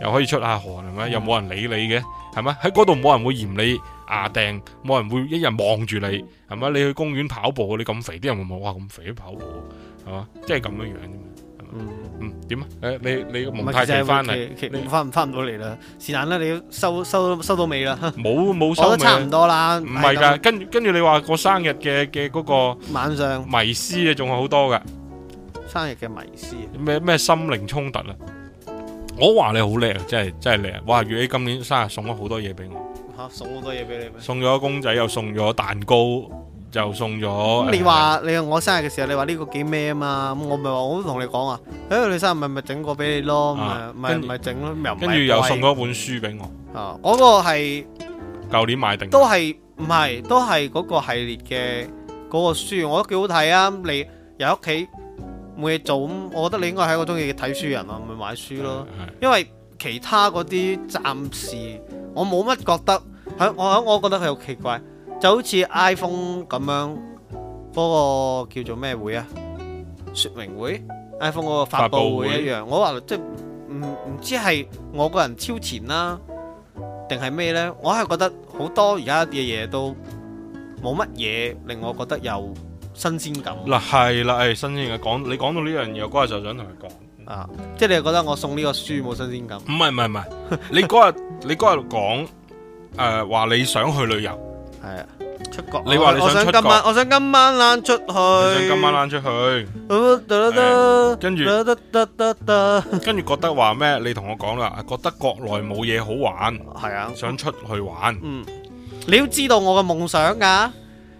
又可以出下汗，係咪？又冇人理你嘅，係咪？喺嗰度冇人會嫌你牙釘，冇人會一日望住你，係咪？你去公園跑步，你咁肥啲人會冇話咁肥啲跑步，係嘛？即係咁樣樣啫嘛。嗯嗯，點啊？你你蒙太奇翻嚟，你翻唔翻唔到嚟啦？是但啦，你收收收到未啦。冇冇收差唔多啦。唔係㗎，跟跟住你話過生日嘅嘅嗰個晚上，迷思啊，仲好多㗎。生日嘅迷思，啊，咩咩心靈衝突啊！我話你好叻啊，真係真係叻啊！哇，月你今年生日送咗好多嘢俾我，吓，送好多嘢俾你咩？送咗公仔，又送咗蛋糕，又送咗，嗯。你話，嗯、你，你我生日嘅時候，你話呢個幾咩啊嘛？咁我咪話我都同你講啊，誒、欸，你生日咪咪整個俾你咯，咪咪整咯，跟，啊、住又送咗一本書俾我，啊、我，那個係舊年買定都，都係唔係都係嗰個系列嘅嗰，那個書，我覺得幾好睇啊！你又喺屋企。冇嘢做咁，我覺得你應該係一個鍾意睇書人啊，咪買書咯。因為其他嗰啲暫時我冇乜覺得，響我響我，我覺得佢好奇怪，就好似 iPhone 咁樣嗰、嗰個叫做咩會啊，説明會 iPhone 嗰個發布會一樣。我話即係唔唔知係我個人超前啦、啊，定係咩呢？我係覺得好多而家嘅嘢都冇乜嘢令我覺得有新鮮感嗱，係啦，誒，新鮮嘅，講，你講到呢樣嘢，嗰日就想同佢講啊，即係你又覺得我送呢個書冇新鮮感？唔係唔係唔係，你嗰日你嗰日講誒，話你想去旅遊，係啊，出國，你話你想今晚，我想今晚攬出去，想今晚攬出去，跟住、跟住覺得話咩？你同我講啦，覺得國內冇嘢好玩，係啊，想出去玩，嗯，你要知道我嘅夢想㗎。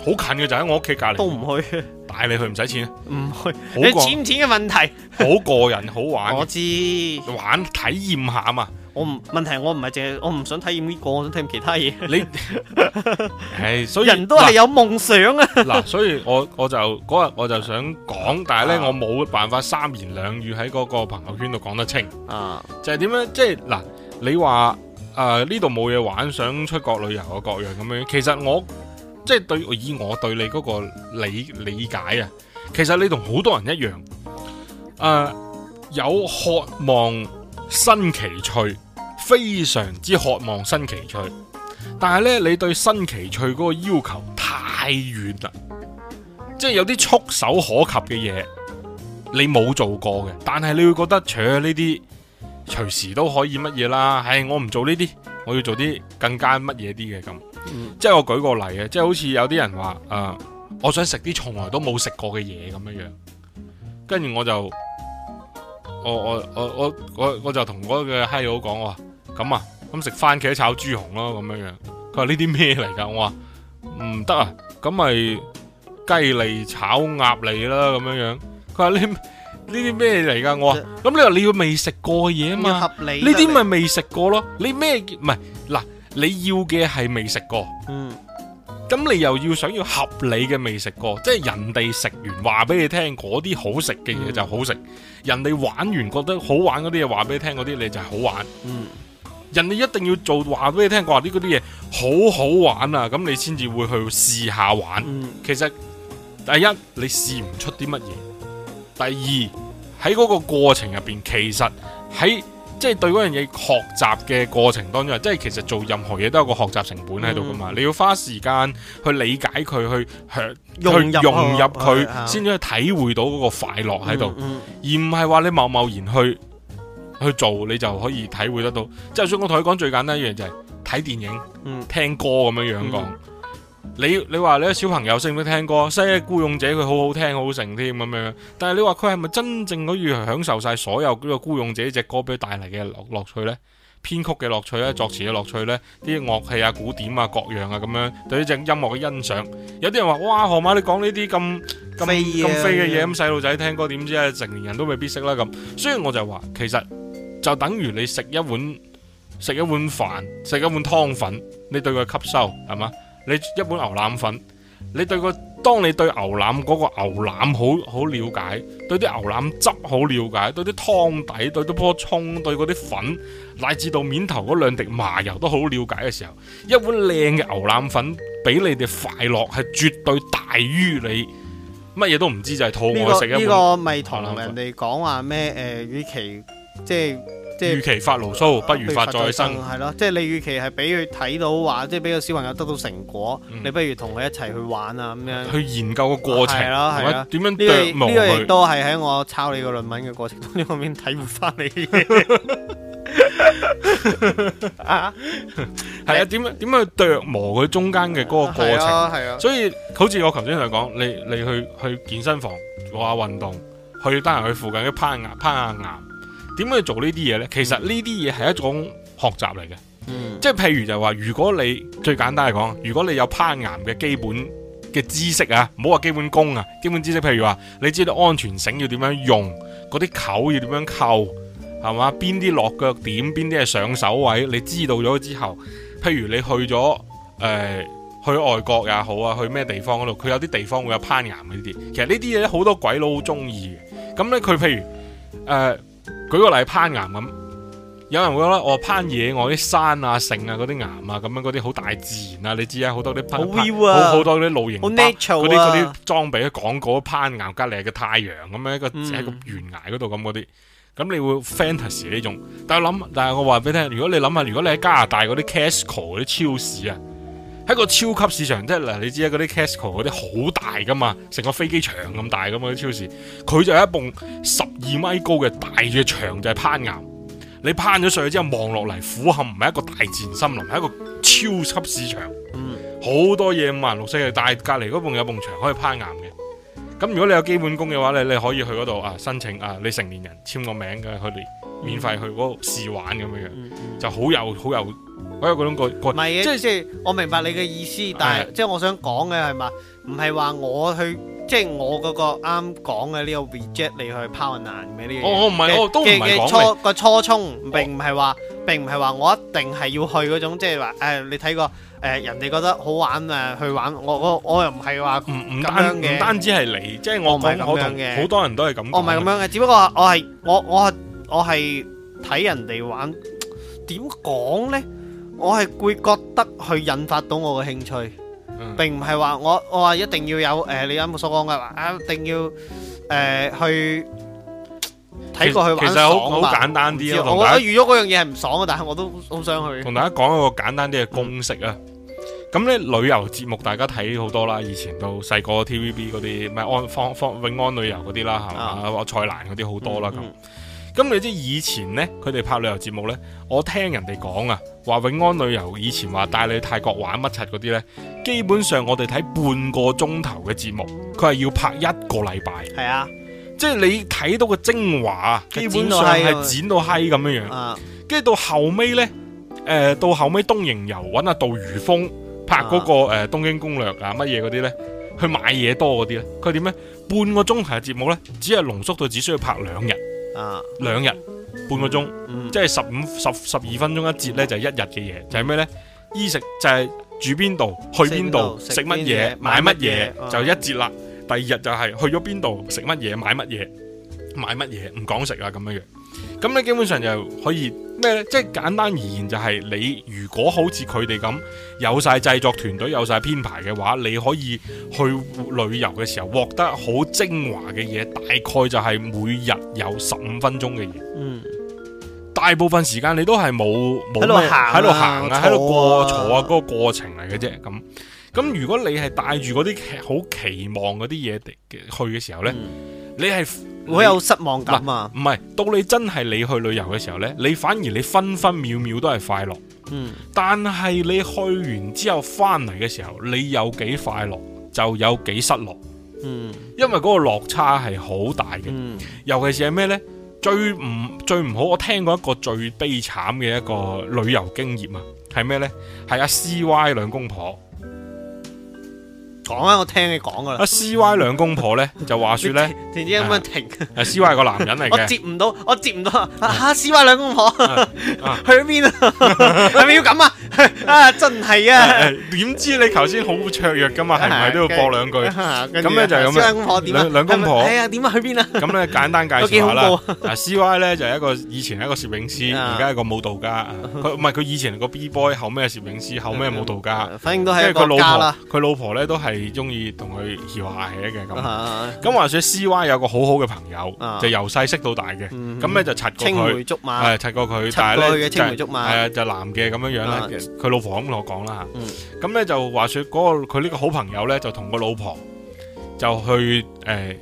好近嘅就喺我屋企隔籬，都唔去。帶你去唔使錢，唔去。你錢唔錢嘅問題，好個人好玩。我知玩體驗下嘛。我唔問題，我唔係淨係，我唔想體驗呢個，我想體驗其他嘢。你，係，所以人都係有夢想啊。嗱，所以我我就嗰日我就想講，但係咧我冇辦法三言兩語喺嗰個朋友圈度講得清。啊，就係點樣即係嗱，你話誒呢度冇嘢玩，想出國旅遊啊各樣咁樣。其實我。即係對，以我對你嗰個理理解啊，其實你同好多人一樣，誒、呃、有渴望新奇趣，非常之渴望新奇趣，但係咧你對新奇趣嗰個要求太遠啦，即係有啲觸手可及嘅嘢你冇做過嘅，但係你會覺得除咗呢啲隨時都可以乜嘢啦，係、哎、我唔做呢啲，我要做啲更加乜嘢啲嘅咁。即係我舉個例啊，即係好似有啲人話，誒，我想食啲從來都冇食過嘅嘢咁樣樣，跟住我就，我我我我我我就同嗰個閪佬講，我話咁啊，咁食番茄炒豬紅咯咁樣樣，佢話呢啲咩嚟噶，我話唔得啊，咁咪雞脷炒鴨脷啦咁樣樣，佢話呢呢啲咩嚟噶，我話咁你話你要未食過嘢嘛，呢啲咪未食過咯，你咩唔係嗱？你要嘅係未食過，咁、嗯、你又要想要合理嘅未食過，即係人哋食完話俾你聽嗰啲好食嘅嘢就好食，嗯、人哋玩完覺得好玩嗰啲嘢話俾你聽嗰啲你就係好玩，嗯、人哋一定要做話俾你聽話啲嗰啲嘢好好玩啊，咁你先至會去試下玩。嗯、其實第一你試唔出啲乜嘢，第二喺嗰個過程入邊，其實喺。即係對嗰樣嘢學習嘅過程當中，即係其實做任何嘢都有個學習成本喺度噶嘛，嗯、你要花時間去理解佢，去去，去融入佢，先至去體會到嗰個快樂喺度，嗯、而唔係話你貿貿然去去做，你就可以體會得到。即係，就算我同你講最簡單一樣就係睇電影、嗯、聽歌咁樣樣講、嗯。嗯你你話你啲小朋友識唔識聽歌？識《孤勇者》佢好好聽，好成添咁樣。但係你話佢係咪真正可以享受晒所有呢個《孤勇者》隻歌俾佢帶嚟嘅樂樂趣呢？編曲嘅樂趣咧，作詞嘅樂趣呢？啲樂器啊、古典啊、各樣啊咁樣對呢隻音樂嘅欣賞。有啲人話：哇，何馬你講呢啲咁咁咁飛嘅嘢，咁細路仔聽歌點知啊？成年人都未必識啦咁。所以我就話，其實就等於你食一碗食一碗飯，食一碗湯粉，你對佢吸收係嘛？你一碗牛腩粉，你對個當你對牛腩嗰、那個牛腩好好了解，對啲牛腩汁好了解，對啲湯底，對啲棵葱，對嗰啲粉，乃至到面頭嗰兩滴麻油都好了解嘅時候，一碗靚嘅牛腩粉俾你哋快樂係絕對大於你乜嘢都唔知就係、是、肚餓食一。呢、這個咪同、這個、人哋講話咩？誒、呃，與其即係。就是即係與其發牢騷，不如發再生。係咯，即係你與其係俾佢睇到話，即係俾個小朋友得到成果，你不如同佢一齊去玩啊咁樣。去研究個過程。係咯，係啊。點樣呢個亦都係喺我抄你個論文嘅過程當中，我面睇唔翻你嘅。啊，係啊，點點樣去琢磨佢中間嘅嗰個過程？係啊，所以好似我頭先就講，你你去去健身房做下運動，去得閒去附近一攀下攀下岩。點樣做呢啲嘢呢？其實呢啲嘢係一種學習嚟嘅，嗯、即係譬如就話，如果你最簡單嚟講，如果你有攀岩嘅基本嘅知識啊，唔好話基本功啊，基本知識，譬如話，你知道安全繩要點樣用，嗰啲扣要點樣扣，係嘛？邊啲落腳點，邊啲係上手位，你知道咗之後，譬如你去咗誒、呃、去外國也好啊，去咩地方嗰度，佢有啲地方會有攀岩嘅呢啲。其實呢啲嘢好多鬼佬好中意嘅。咁呢，佢譬如誒。呃舉個例，攀岩咁，有人會覺得：哦「我攀野外啲山啊、城啊嗰啲岩啊，咁樣嗰啲好大自然啊，你知啊，啊好，好多啲攀爬，好多啲露營嗰啲嗰啲裝備，廣告攀岩隔籬嘅太陽咁樣一個喺個懸崖嗰度咁嗰啲，咁、嗯、你會 fantasy 呢種，但係我諗，但係我話俾你聽，如果你諗下，如果你喺加拿大嗰啲 casco 嗰啲超市啊。喺個超級市場，即係嗱，你知啊，嗰啲 Casco 嗰啲好大噶嘛，成個飛機場咁大噶嘛啲超市，佢就有一埲十二米高嘅大嘅牆就係攀岩，你攀咗上去之後望落嚟，俯瞰唔係一個大自然森林，係一個超級市場，嗯，好多嘢五顏六色嘅，但係隔籬嗰埲有埲牆可以攀岩嘅，咁如果你有基本功嘅話，你你可以去嗰度啊申請啊，你成年人簽個名嘅，佢哋免費去嗰度試玩咁樣樣，就好有好有。我有嗰種個,個,個,個，唔係即係我明白你嘅意思，但係、嗯、即係我想講嘅係嘛，唔係話我去，即係我嗰個啱講嘅呢個 reject 你去 power 難嘅呢樣。哦，我唔係，我都唔係講嘅。嘅初個初,初衷並，我並唔係話，並唔係話我一定係要去嗰種，即係話誒，你睇過誒人哋覺得好玩誒去玩，我我我又唔係話唔唔單唔單止係你，即係我同我嘅。好多人都係咁。我唔係咁樣嘅，只不過我係我我係我係睇人哋玩，點講咧？我係會覺得佢引發到我嘅興趣，並唔係話我我話一定要有誒、呃，你啱冇所講嘅話，一定要誒、呃、去睇過去其實好好的簡單啲，我覺得遇咗嗰樣嘢係唔爽嘅，但係我都好想去。同大家講一個簡單啲嘅公式啊！咁咧、嗯、旅遊節目大家睇好多啦，以前到細個 TVB 嗰啲，咪安方方永安旅遊嗰啲啦，係嘛、啊，或蔡瀾嗰啲好多啦咁。嗯麼咁、嗯、你知以前呢，佢哋拍旅遊節目呢，我聽人哋講啊，話永安旅遊以前話帶你去泰國玩乜柒嗰啲呢，基本上我哋睇半個鐘頭嘅節目，佢係要拍一個禮拜。係是啊，即係你睇到個精華，基本上係剪到黑咁、啊、樣樣。跟住、啊、到後尾呢，誒、呃，到後尾東瀛遊、啊，那個，搵阿杜如風拍嗰個誒東京攻略啊乜嘢嗰啲呢，去買嘢多嗰啲呢，佢點呢？半個鐘頭嘅節目呢，只係濃縮到只需要拍兩日。啊，兩日半個鐘，嗯嗯、即係十五十十二分鐘一節咧，就係、係、一日嘅嘢，就係咩咧？衣食就係住邊度，去邊度，食乜嘢，買乜嘢，啊、就一節啦。第二日就係去咗邊度，食乜嘢，買乜嘢，買乜嘢，唔講食啊，咁樣樣。咁你基本上就可以咩咧？即係簡單而言、就是，就係你如果好似佢哋咁有晒製作團隊、有晒編排嘅話，你可以去旅遊嘅時候，獲得好精華嘅嘢。大概就係每日有十五分鐘嘅嘢。嗯，大部分時間你都係冇冇喺度行喺度過坐啊，嗰個過程嚟嘅啫。咁咁，如果你係帶住嗰啲好期望嗰啲嘢去嘅時候咧，嗯、你係。我、嗯、有失望感啊！唔係，到你真係你去旅遊嘅時候呢，你反而你分分秒秒都係快樂。嗯，但係你去完之後翻嚟嘅時候，你有幾快樂就有幾失落。嗯，因為嗰個落差係好大嘅。嗯，尤其是係咩呢？最唔最唔好，我聽過一個最悲慘嘅一個旅遊經驗啊，係咩呢？係阿、啊、C Y 兩公婆。講啊，我聽你講噶啦。啊，C Y 兩公婆咧就話說咧，點知咁樣停？C Y 係個男人嚟嘅，我接唔到，我接唔到啊！啊，C Y 兩公婆去邊啊？係咪要咁啊？啊，真係啊！點知你頭先好雀躍噶嘛？係咪都要搏兩句？咁咧就咁啦。兩公婆點啊？兩公婆，哎呀，點啊？去邊啊？咁咧簡單介紹下啦。嗱，C Y 咧就一個以前係一個攝影師，而家係個舞蹈家。佢唔係佢以前係個 B boy，後尾係攝影師，後尾係舞蹈家。反正都係一個家啦。佢老婆咧都係。係中意同佢傾下偈嘅，咁，咁話說 C Y 有個好好嘅朋友，就由細識到大嘅，咁咧就拆過佢，拆過佢，拆過佢嘅青梅竹馬，係啊，就男嘅咁樣樣啦。佢老婆咁同我講啦吓，咁咧就話說嗰個佢呢個好朋友咧，就同個老婆就去誒，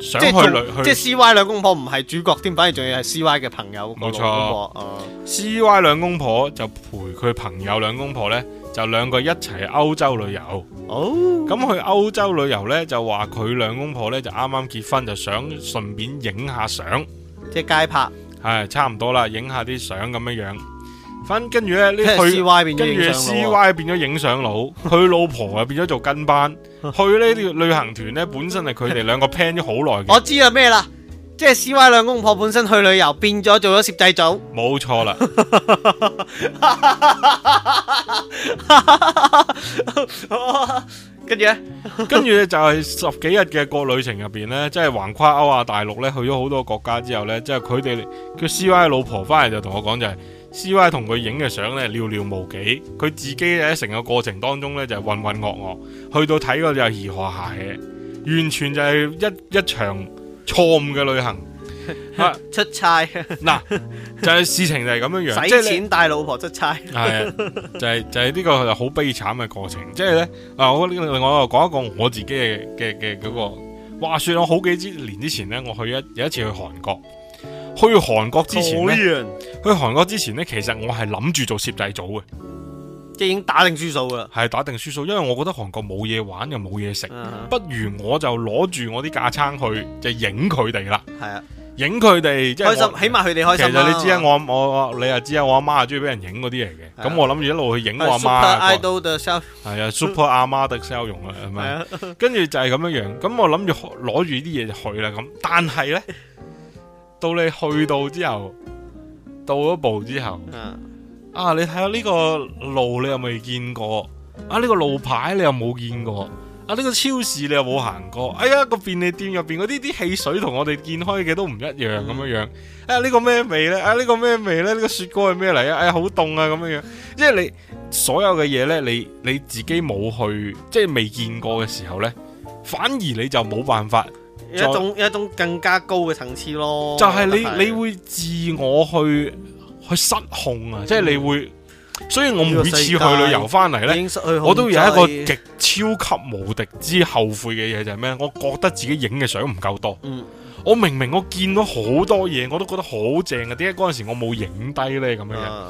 想去旅，即係 C Y 兩公婆唔係主角添，反而仲要係 C Y 嘅朋友，冇錯，C Y 兩公婆就陪佢朋友兩公婆咧。就兩個一齊歐洲旅遊，咁去歐洲旅遊呢，就話佢兩公婆呢，就啱啱結婚，就想順便影下相，即係街拍，係差唔多啦，影下啲相咁樣樣。翻跟住呢呢去，C Y 變跟住他照 C Y 變咗影相佬，佢老婆啊變咗做跟班，去 呢啲旅行團呢，本身係佢哋兩個 plan 咗好耐嘅，我知啊咩啦。即係 C Y 兩公婆本身去旅遊變咗做咗攝製組，冇錯啦。跟住呢， 跟住就係十幾日嘅個旅程入邊呢，即係橫跨歐亞大陸呢，去咗好多國家之後，就係就係， 呢，即係佢哋叫 C Y 老婆翻嚟就同我講就係 C Y 同佢影嘅相呢寥寥無幾，佢自己喺成個過程當中呢，就渾渾噩噩，去到睇個就如何下嘅，完全就係一一,一場。錯誤嘅旅行、 啊、出差嗱、啊、 就係事情就係咁樣樣，使錢帶老婆出差係 就係、係、就係、係、呢個好悲慘嘅過程，即係咧嗱，我另外又講一個我自己嘅嘅嗰個話說，我好幾之年之前咧，我去一有一次去韓國，去韓國之前咧，完去韓國之前咧，其實我係諗住做攝製組嘅。即已經打定輸數啦，係打定輸數，因為我覺得韓國冇嘢玩又冇嘢食，不如我就攞住我啲架撐去就影佢哋啦。係啊，影佢哋，開心，起碼佢哋開心。其實你知啊，我我你又知啊，我阿媽啊中意俾人影嗰啲嚟嘅，咁我諗住一路去影我阿媽。係啊，Super 阿媽的笑容啦，係咪？跟住就係咁樣樣，咁我諗住攞住啲嘢就去啦。咁但係咧，到你去到之後，到咗埗之後。啊！你睇下呢個路你又未見過，啊呢個路牌你又冇見過，啊呢個超市你又冇行過，哎呀個便利店入邊嗰啲啲汽水同我哋見開嘅都唔一樣咁、嗯、樣樣，啊呢個咩味咧？啊呢個咩味咧？呢個雪糕係咩嚟啊？哎呀好凍啊咁樣樣，即係你所有嘅嘢咧，你你自己冇去，即係未見過嘅時候咧，反而你就冇辦法，有一種有一種更加高嘅層次咯，就係你你會自我去。去失控啊！嗯、即係你會，所以我每次去旅遊翻嚟呢，我都有一個極超級無敵之後悔嘅嘢就係、是、咩？我覺得自己影嘅相唔夠多。嗯、我明明我見到好多嘢，我都覺得好正啊。點解嗰陣時我冇影低呢？咁樣嘅？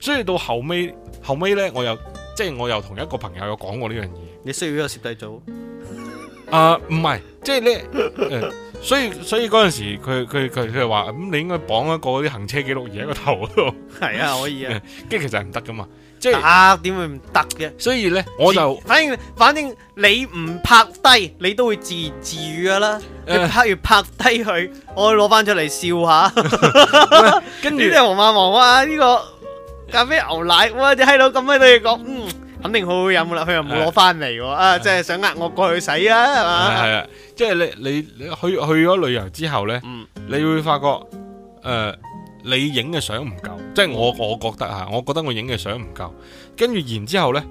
所以到後尾後尾呢，我又即係、就是、我又同一個朋友有講過呢樣嘢。你需要一個攝製組啊？唔係、呃，即係呢。 嗯所以所以嗰陣時佢佢佢佢話咁你應該綁一個啲行車記錄儀喺個頭度係啊可以啊、嗯，跟住其實係唔得噶嘛，即係點會唔得嘅？所以咧，我就反正反正你唔拍低，你都會自言自語噶啦。你拍越拍低佢，我攞翻出嚟笑下，跟住即係黃馬王哇！呢、啊這個咖啡牛奶哇，隻閪佬咁樣多嘢講嗯。嗯嗯肯定好好飲啦，佢又冇攞翻嚟，啊，即係、啊、想呃我過去洗啊，係嘛？係啊，即係你你你，你，你去去咗旅遊之後呢，嗯、你會發覺誒，你影嘅相唔夠，即係我我覺得吓，我覺得我影嘅相唔夠，跟住然之後咧，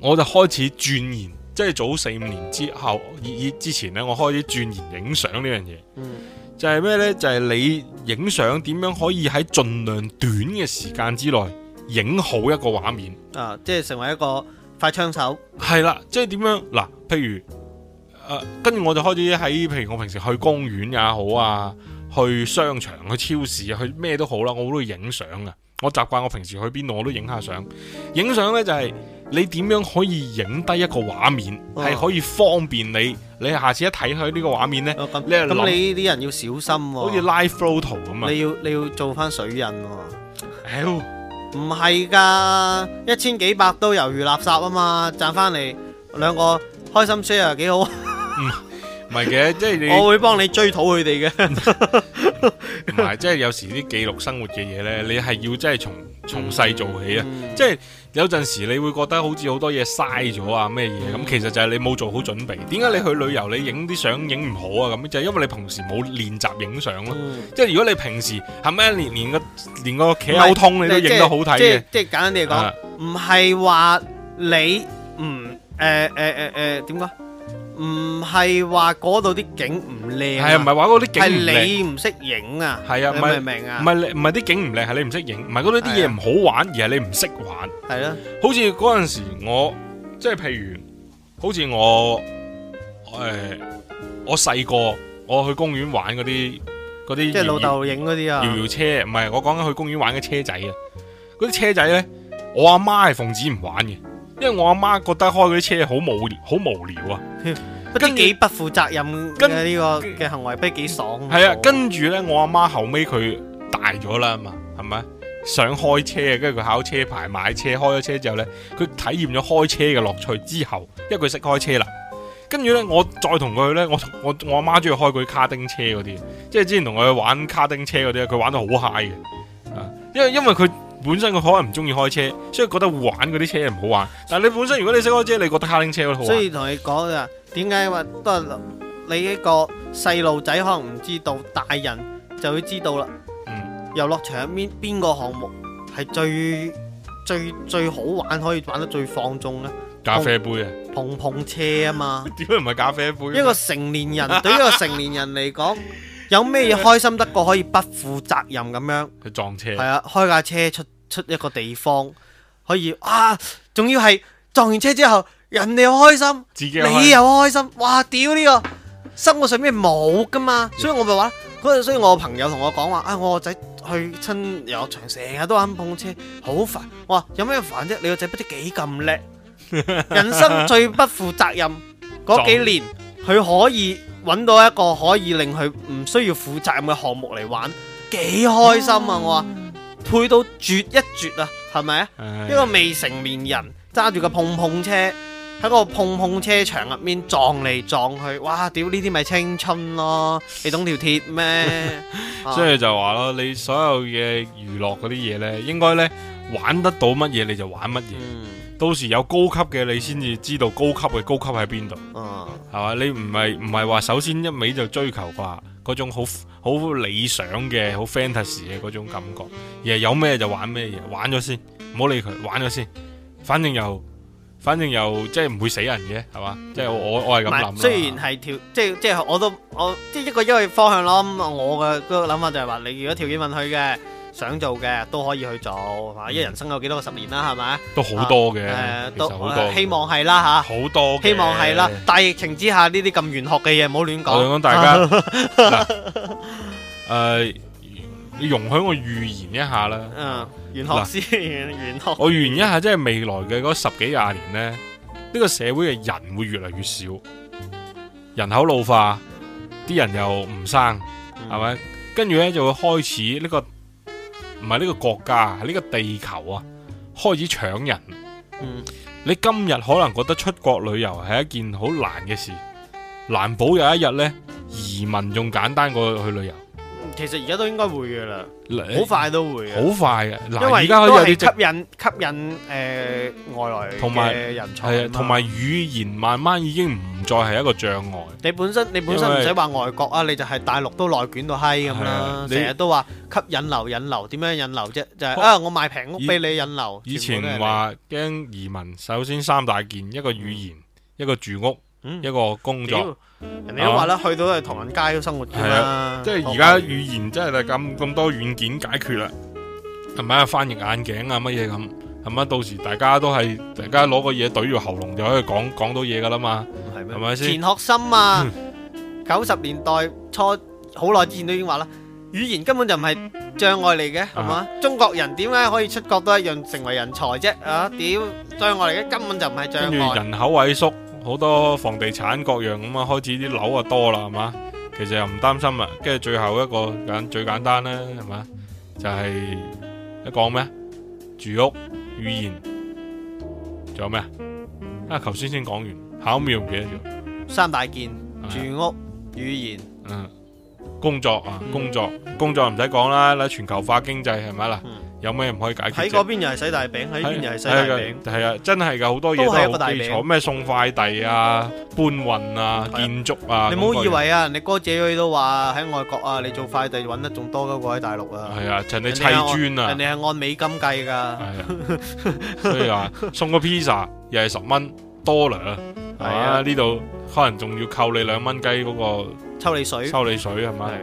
我就開始鑽研，即係早四五年之後以以之前呢，我開始鑽研影相呢樣嘢，嗯、就係咩呢？就係你影相點樣可以喺盡量短嘅時間之內。影好一個畫面，啊，即係成為一個快槍手。係啦，即係點樣？嗱，譬如，誒、呃，跟住我就開始喺，譬如我平時去公園也好啊，去商場、去超市、啊，去咩都好啦，我好多影相啊。我習慣我平時去邊度我都影下相。影相呢就係、是、你點樣可以影低一個畫面，係、哦、可以方便你，你下次一睇佢呢個畫面呢，咁、哦、你呢啲人要小心喎、哦，好似 live photo 咁樣，你要你要做翻水印喎、哦。 哎唔係噶，一千幾百都猶如垃圾啊嘛，賺翻嚟兩個開心 share 幾好啊！唔係嘅，即係你，我會幫你追討佢哋嘅。唔 係，即係有時啲記錄生活嘅嘢呢，你係要真係從從細做起啊！即係、嗯。就是有陣時你會覺得好似好多嘢嘥咗啊咩嘢咁，其實就係你冇做好準備。點解你去旅遊你影啲相影唔好啊？咁就係、是、因為你平時冇練習影相咯。嗯、即係如果你平時係咩連連個連個企鵝通你都影得好睇嘅，即係簡單啲嚟講，唔係話你唔誒誒誒誒點講？嗯呃呃呃呃呃唔係話嗰度啲景唔靚，係啊，唔係話啲景係你唔識影啊。係啊，明唔明啊？唔係唔係啲景唔靚，係你唔識影，唔係嗰度啲嘢唔好玩，啊、而係你唔識玩。係咯、啊，好似嗰陣時我即係譬如，好似我誒、欸，我細個我去公園玩嗰啲啲，即係老豆影嗰啲啊，搖搖車唔係我講緊去公園玩嘅車仔啊。嗰啲車仔咧，我阿媽係奉旨唔玩嘅，因為我阿媽覺得開嗰啲車好無聊，好無聊啊。都幾、嗯、不負責任嘅呢跟個嘅行為，都幾跟爽。係啊，跟住呢，我阿媽後尾佢大咗啦嘛，係咪？想開車啊，跟住佢考車牌、買車、開咗車之後呢，佢體驗咗開車嘅樂趣之後，因為佢識開車啦。跟住呢，我再同佢呢，我我我阿媽中意開佢卡丁車嗰啲，即係之前同佢玩卡丁車嗰啲，佢玩得好嗨嘅，因為因為佢。本身佢可能唔中意開車，所以覺得玩嗰啲車唔好玩。但係你本身如果你識開車，你覺得卡丁車好。所以同你講啊，點解話都係你一個細路仔可能唔知道，大人就會知道啦。嗯。遊樂場入邊邊個項目係最最最好玩，可以玩得最放縱呢？咖啡杯啊！碰碰車啊嘛。點解唔係咖啡杯？一個成年人 對一個成年人嚟講。 有咩嘢開心得過可以不負責任咁樣？佢撞車係啊，開架車出出一個地方，可以啊，仲要係撞完車之後，人哋又開心，自己又開心你又開心，哇！屌呢個生活上面冇噶嘛，所以我咪話，嗰所以我朋友同我講話啊，我個仔去親遊樂場成日都啱碰車，好煩！哇，有咩煩啫？你個仔不知幾咁叻， 人生最不負責任嗰幾年，佢撞可以。揾到一個可以令佢唔需要負責任嘅項目嚟玩，幾開心啊！我話配到絕一絕啊，係咪啊？是是一個未成年人揸住個碰碰車喺個碰碰車場入面撞嚟撞去，哇！屌呢啲咪青春咯？你懂條鐵咩？所以就話咯，你所有嘅娛樂嗰啲嘢呢，應該呢，玩得到乜嘢你就玩乜嘢。嗯到時有高級嘅，你先至知道高級嘅高級喺邊度，嗯、係嘛？你唔係唔係話首先一味就追求啩嗰種好好理想嘅好 fantasy 嘅嗰種感覺，而係有咩就玩咩嘢，玩咗先，唔好理佢，玩咗先，反正又反正又即係唔會死人嘅，係嘛？即係我我係咁諗。雖然係條、啊、即即係我都我即一個一個方向咯，我嘅個諗法就係、是、話，你如果條件允許嘅。想做嘅都可以去做，一人生有幾多個十年啦，係咪？都好多嘅，希望係啦吓，好多希望係啦。大疫情之下呢啲咁玄學嘅嘢唔好亂講。我講大家誒，你容許我預言一下啦。嗯，玄學先，玄學。我預言一下，即係未來嘅嗰十幾廿年咧，呢個社會嘅人會越嚟越少，人口老化，啲人又唔生，係咪？跟住咧就會開始呢個。唔係呢個國家，係呢個地球啊，開始搶人。嗯，你今日可能覺得出國旅遊係一件好難嘅事，難保有一日咧，移民仲簡單過去旅遊。其實而家都應該會噶啦，好快都會，好快嘅。嗱，而家開始有啲吸引吸引誒外來嘅人才，係啊，同埋語言慢慢已經唔再係一個障礙。你本身你本身唔使話外國啊，你就係大陸都內卷到嗨咁啦。成日都話吸引流引流，點樣引流啫？就係啊，我賣平屋俾你引流。以前話驚移民，首先三大件：一個語言，一個住屋，一個工作。人哋都話啦，去到都係唐人街嘅生活嘅啦。即係而家語言，真係咁咁多軟件解決啦。係咪啊？翻譯眼鏡啊，乜嘢咁？係咪？到時大家都係，大家攞個嘢懟住喉嚨就可以講講到嘢噶啦嘛。係咪先？錢學森啊，九十年代初好耐之前都已經話啦，語言根本就唔係障礙嚟嘅，係嘛？中國人點解可以出國都一樣成為人才啫？啊，屌障礙嚟嘅根本就唔係障礙。跟住人口萎縮。好多房地產各樣咁啊，開始啲樓啊多啦，係嘛？其實又唔擔心啦。跟住最後一個簡最簡單咧，係嘛？就係一講咩？住屋語言，仲有咩啊？啊，頭先先講完，巧妙唔記得咗。三大件：住屋、係嘛？語言。嗯。工作啊，工作，工作唔使講啦，嗱、嗯，全球化經濟係咪啦？有咩唔可以解決？喺嗰邊又係洗大餅，喺呢邊又係洗大餅。係啊，真係㗎，好多嘢都係一個大餅。咩送快遞啊、搬運啊、建築啊，你唔好以為啊，你哥姐佢都話喺外國啊，你做快遞搵得仲多過喺大陸啊。係啊，人哋砌磚啊，人哋係按美金計㗎。係啊，所以話送個披薩又係十蚊 dollar，係啊，呢度可能仲要扣你兩蚊雞嗰個。抽你水。抽你水係咪？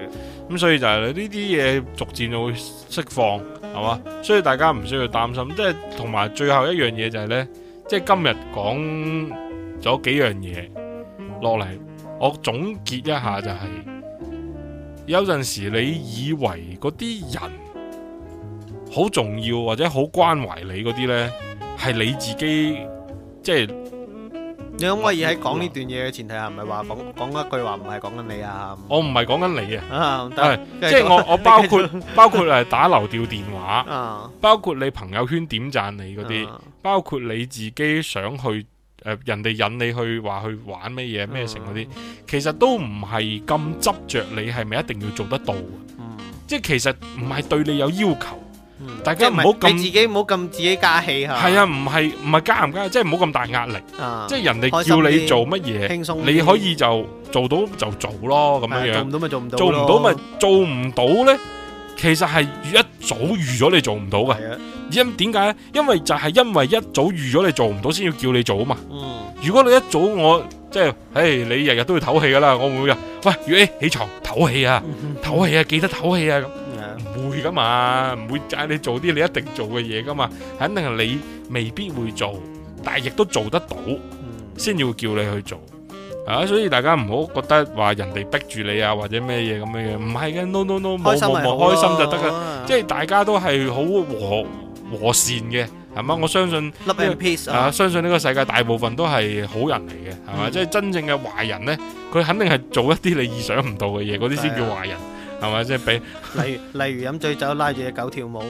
咁所以就係呢啲嘢逐漸就會釋放。所以大家唔需要擔心，即係同埋最後一樣嘢就係呢。即係今日講咗幾樣嘢落嚟，我總結一下就係，有陣時你以為嗰啲人好重要或者好關懷你嗰啲呢，係你自己即係。你可唔可以喺講呢段嘢嘅前提下，唔係話講講一句話，唔係講緊你啊？我唔係講緊你啊，即係、uh, okay. 嗯即係、我我包括 包括誒打流掉電話，uh. 包括你朋友圈點讚你嗰啲，uh. 包括你自己想去、呃、人哋引你去話去玩咩嘢咩成嗰啲，uh. 其實都唔係咁執着，你係咪一定要做得到？Uh. 即係其實唔係對你有要求。大家唔好咁自己唔好咁自己加氣吓，係啊，唔係唔係加唔加氣，即係唔好咁大壓力。即係人哋叫你做乜嘢，輕鬆，你可以就做到就做咯咁樣樣。做唔到咪做唔到咯。做唔到咪做唔到咧。其實係一早預咗你做唔到嘅。因點解咧？因為就係因為一早預咗你做唔到先要叫你做啊嘛。如果你一早我即係，唉，你日日都要唞氣噶啦，我會話喂，咦，起床唞氣啊，唞氣啊，記得唞氣啊咁。唔會噶嘛，唔會嗌你做啲你一定做嘅嘢噶嘛，肯定係你未必會做，但係亦都做得到，先要叫你去做，啊，所以大家唔好覺得話人哋逼住你啊或者咩嘢咁樣樣，唔係嘅，no no no，冇冇冇，開心就得噶，啊、即係大家都係好和和善嘅，係嘛，我相信，啊，相信呢個世界大部分都係好人嚟嘅，係嘛，即係、嗯、真正嘅壞人咧，佢肯定係做一啲你意想唔到嘅嘢，嗰啲先叫壞人。係咪即係畀？例如例如飲醉酒拉住隻狗跳舞。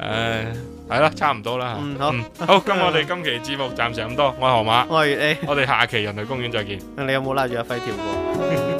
唉，係啦，差唔多啦。嗯，好嗯好，咁、嗯、我哋今期節目暫時咁多。我係河馬，喂我係我哋下期人類公園再見。 你有冇拉住阿輝跳過？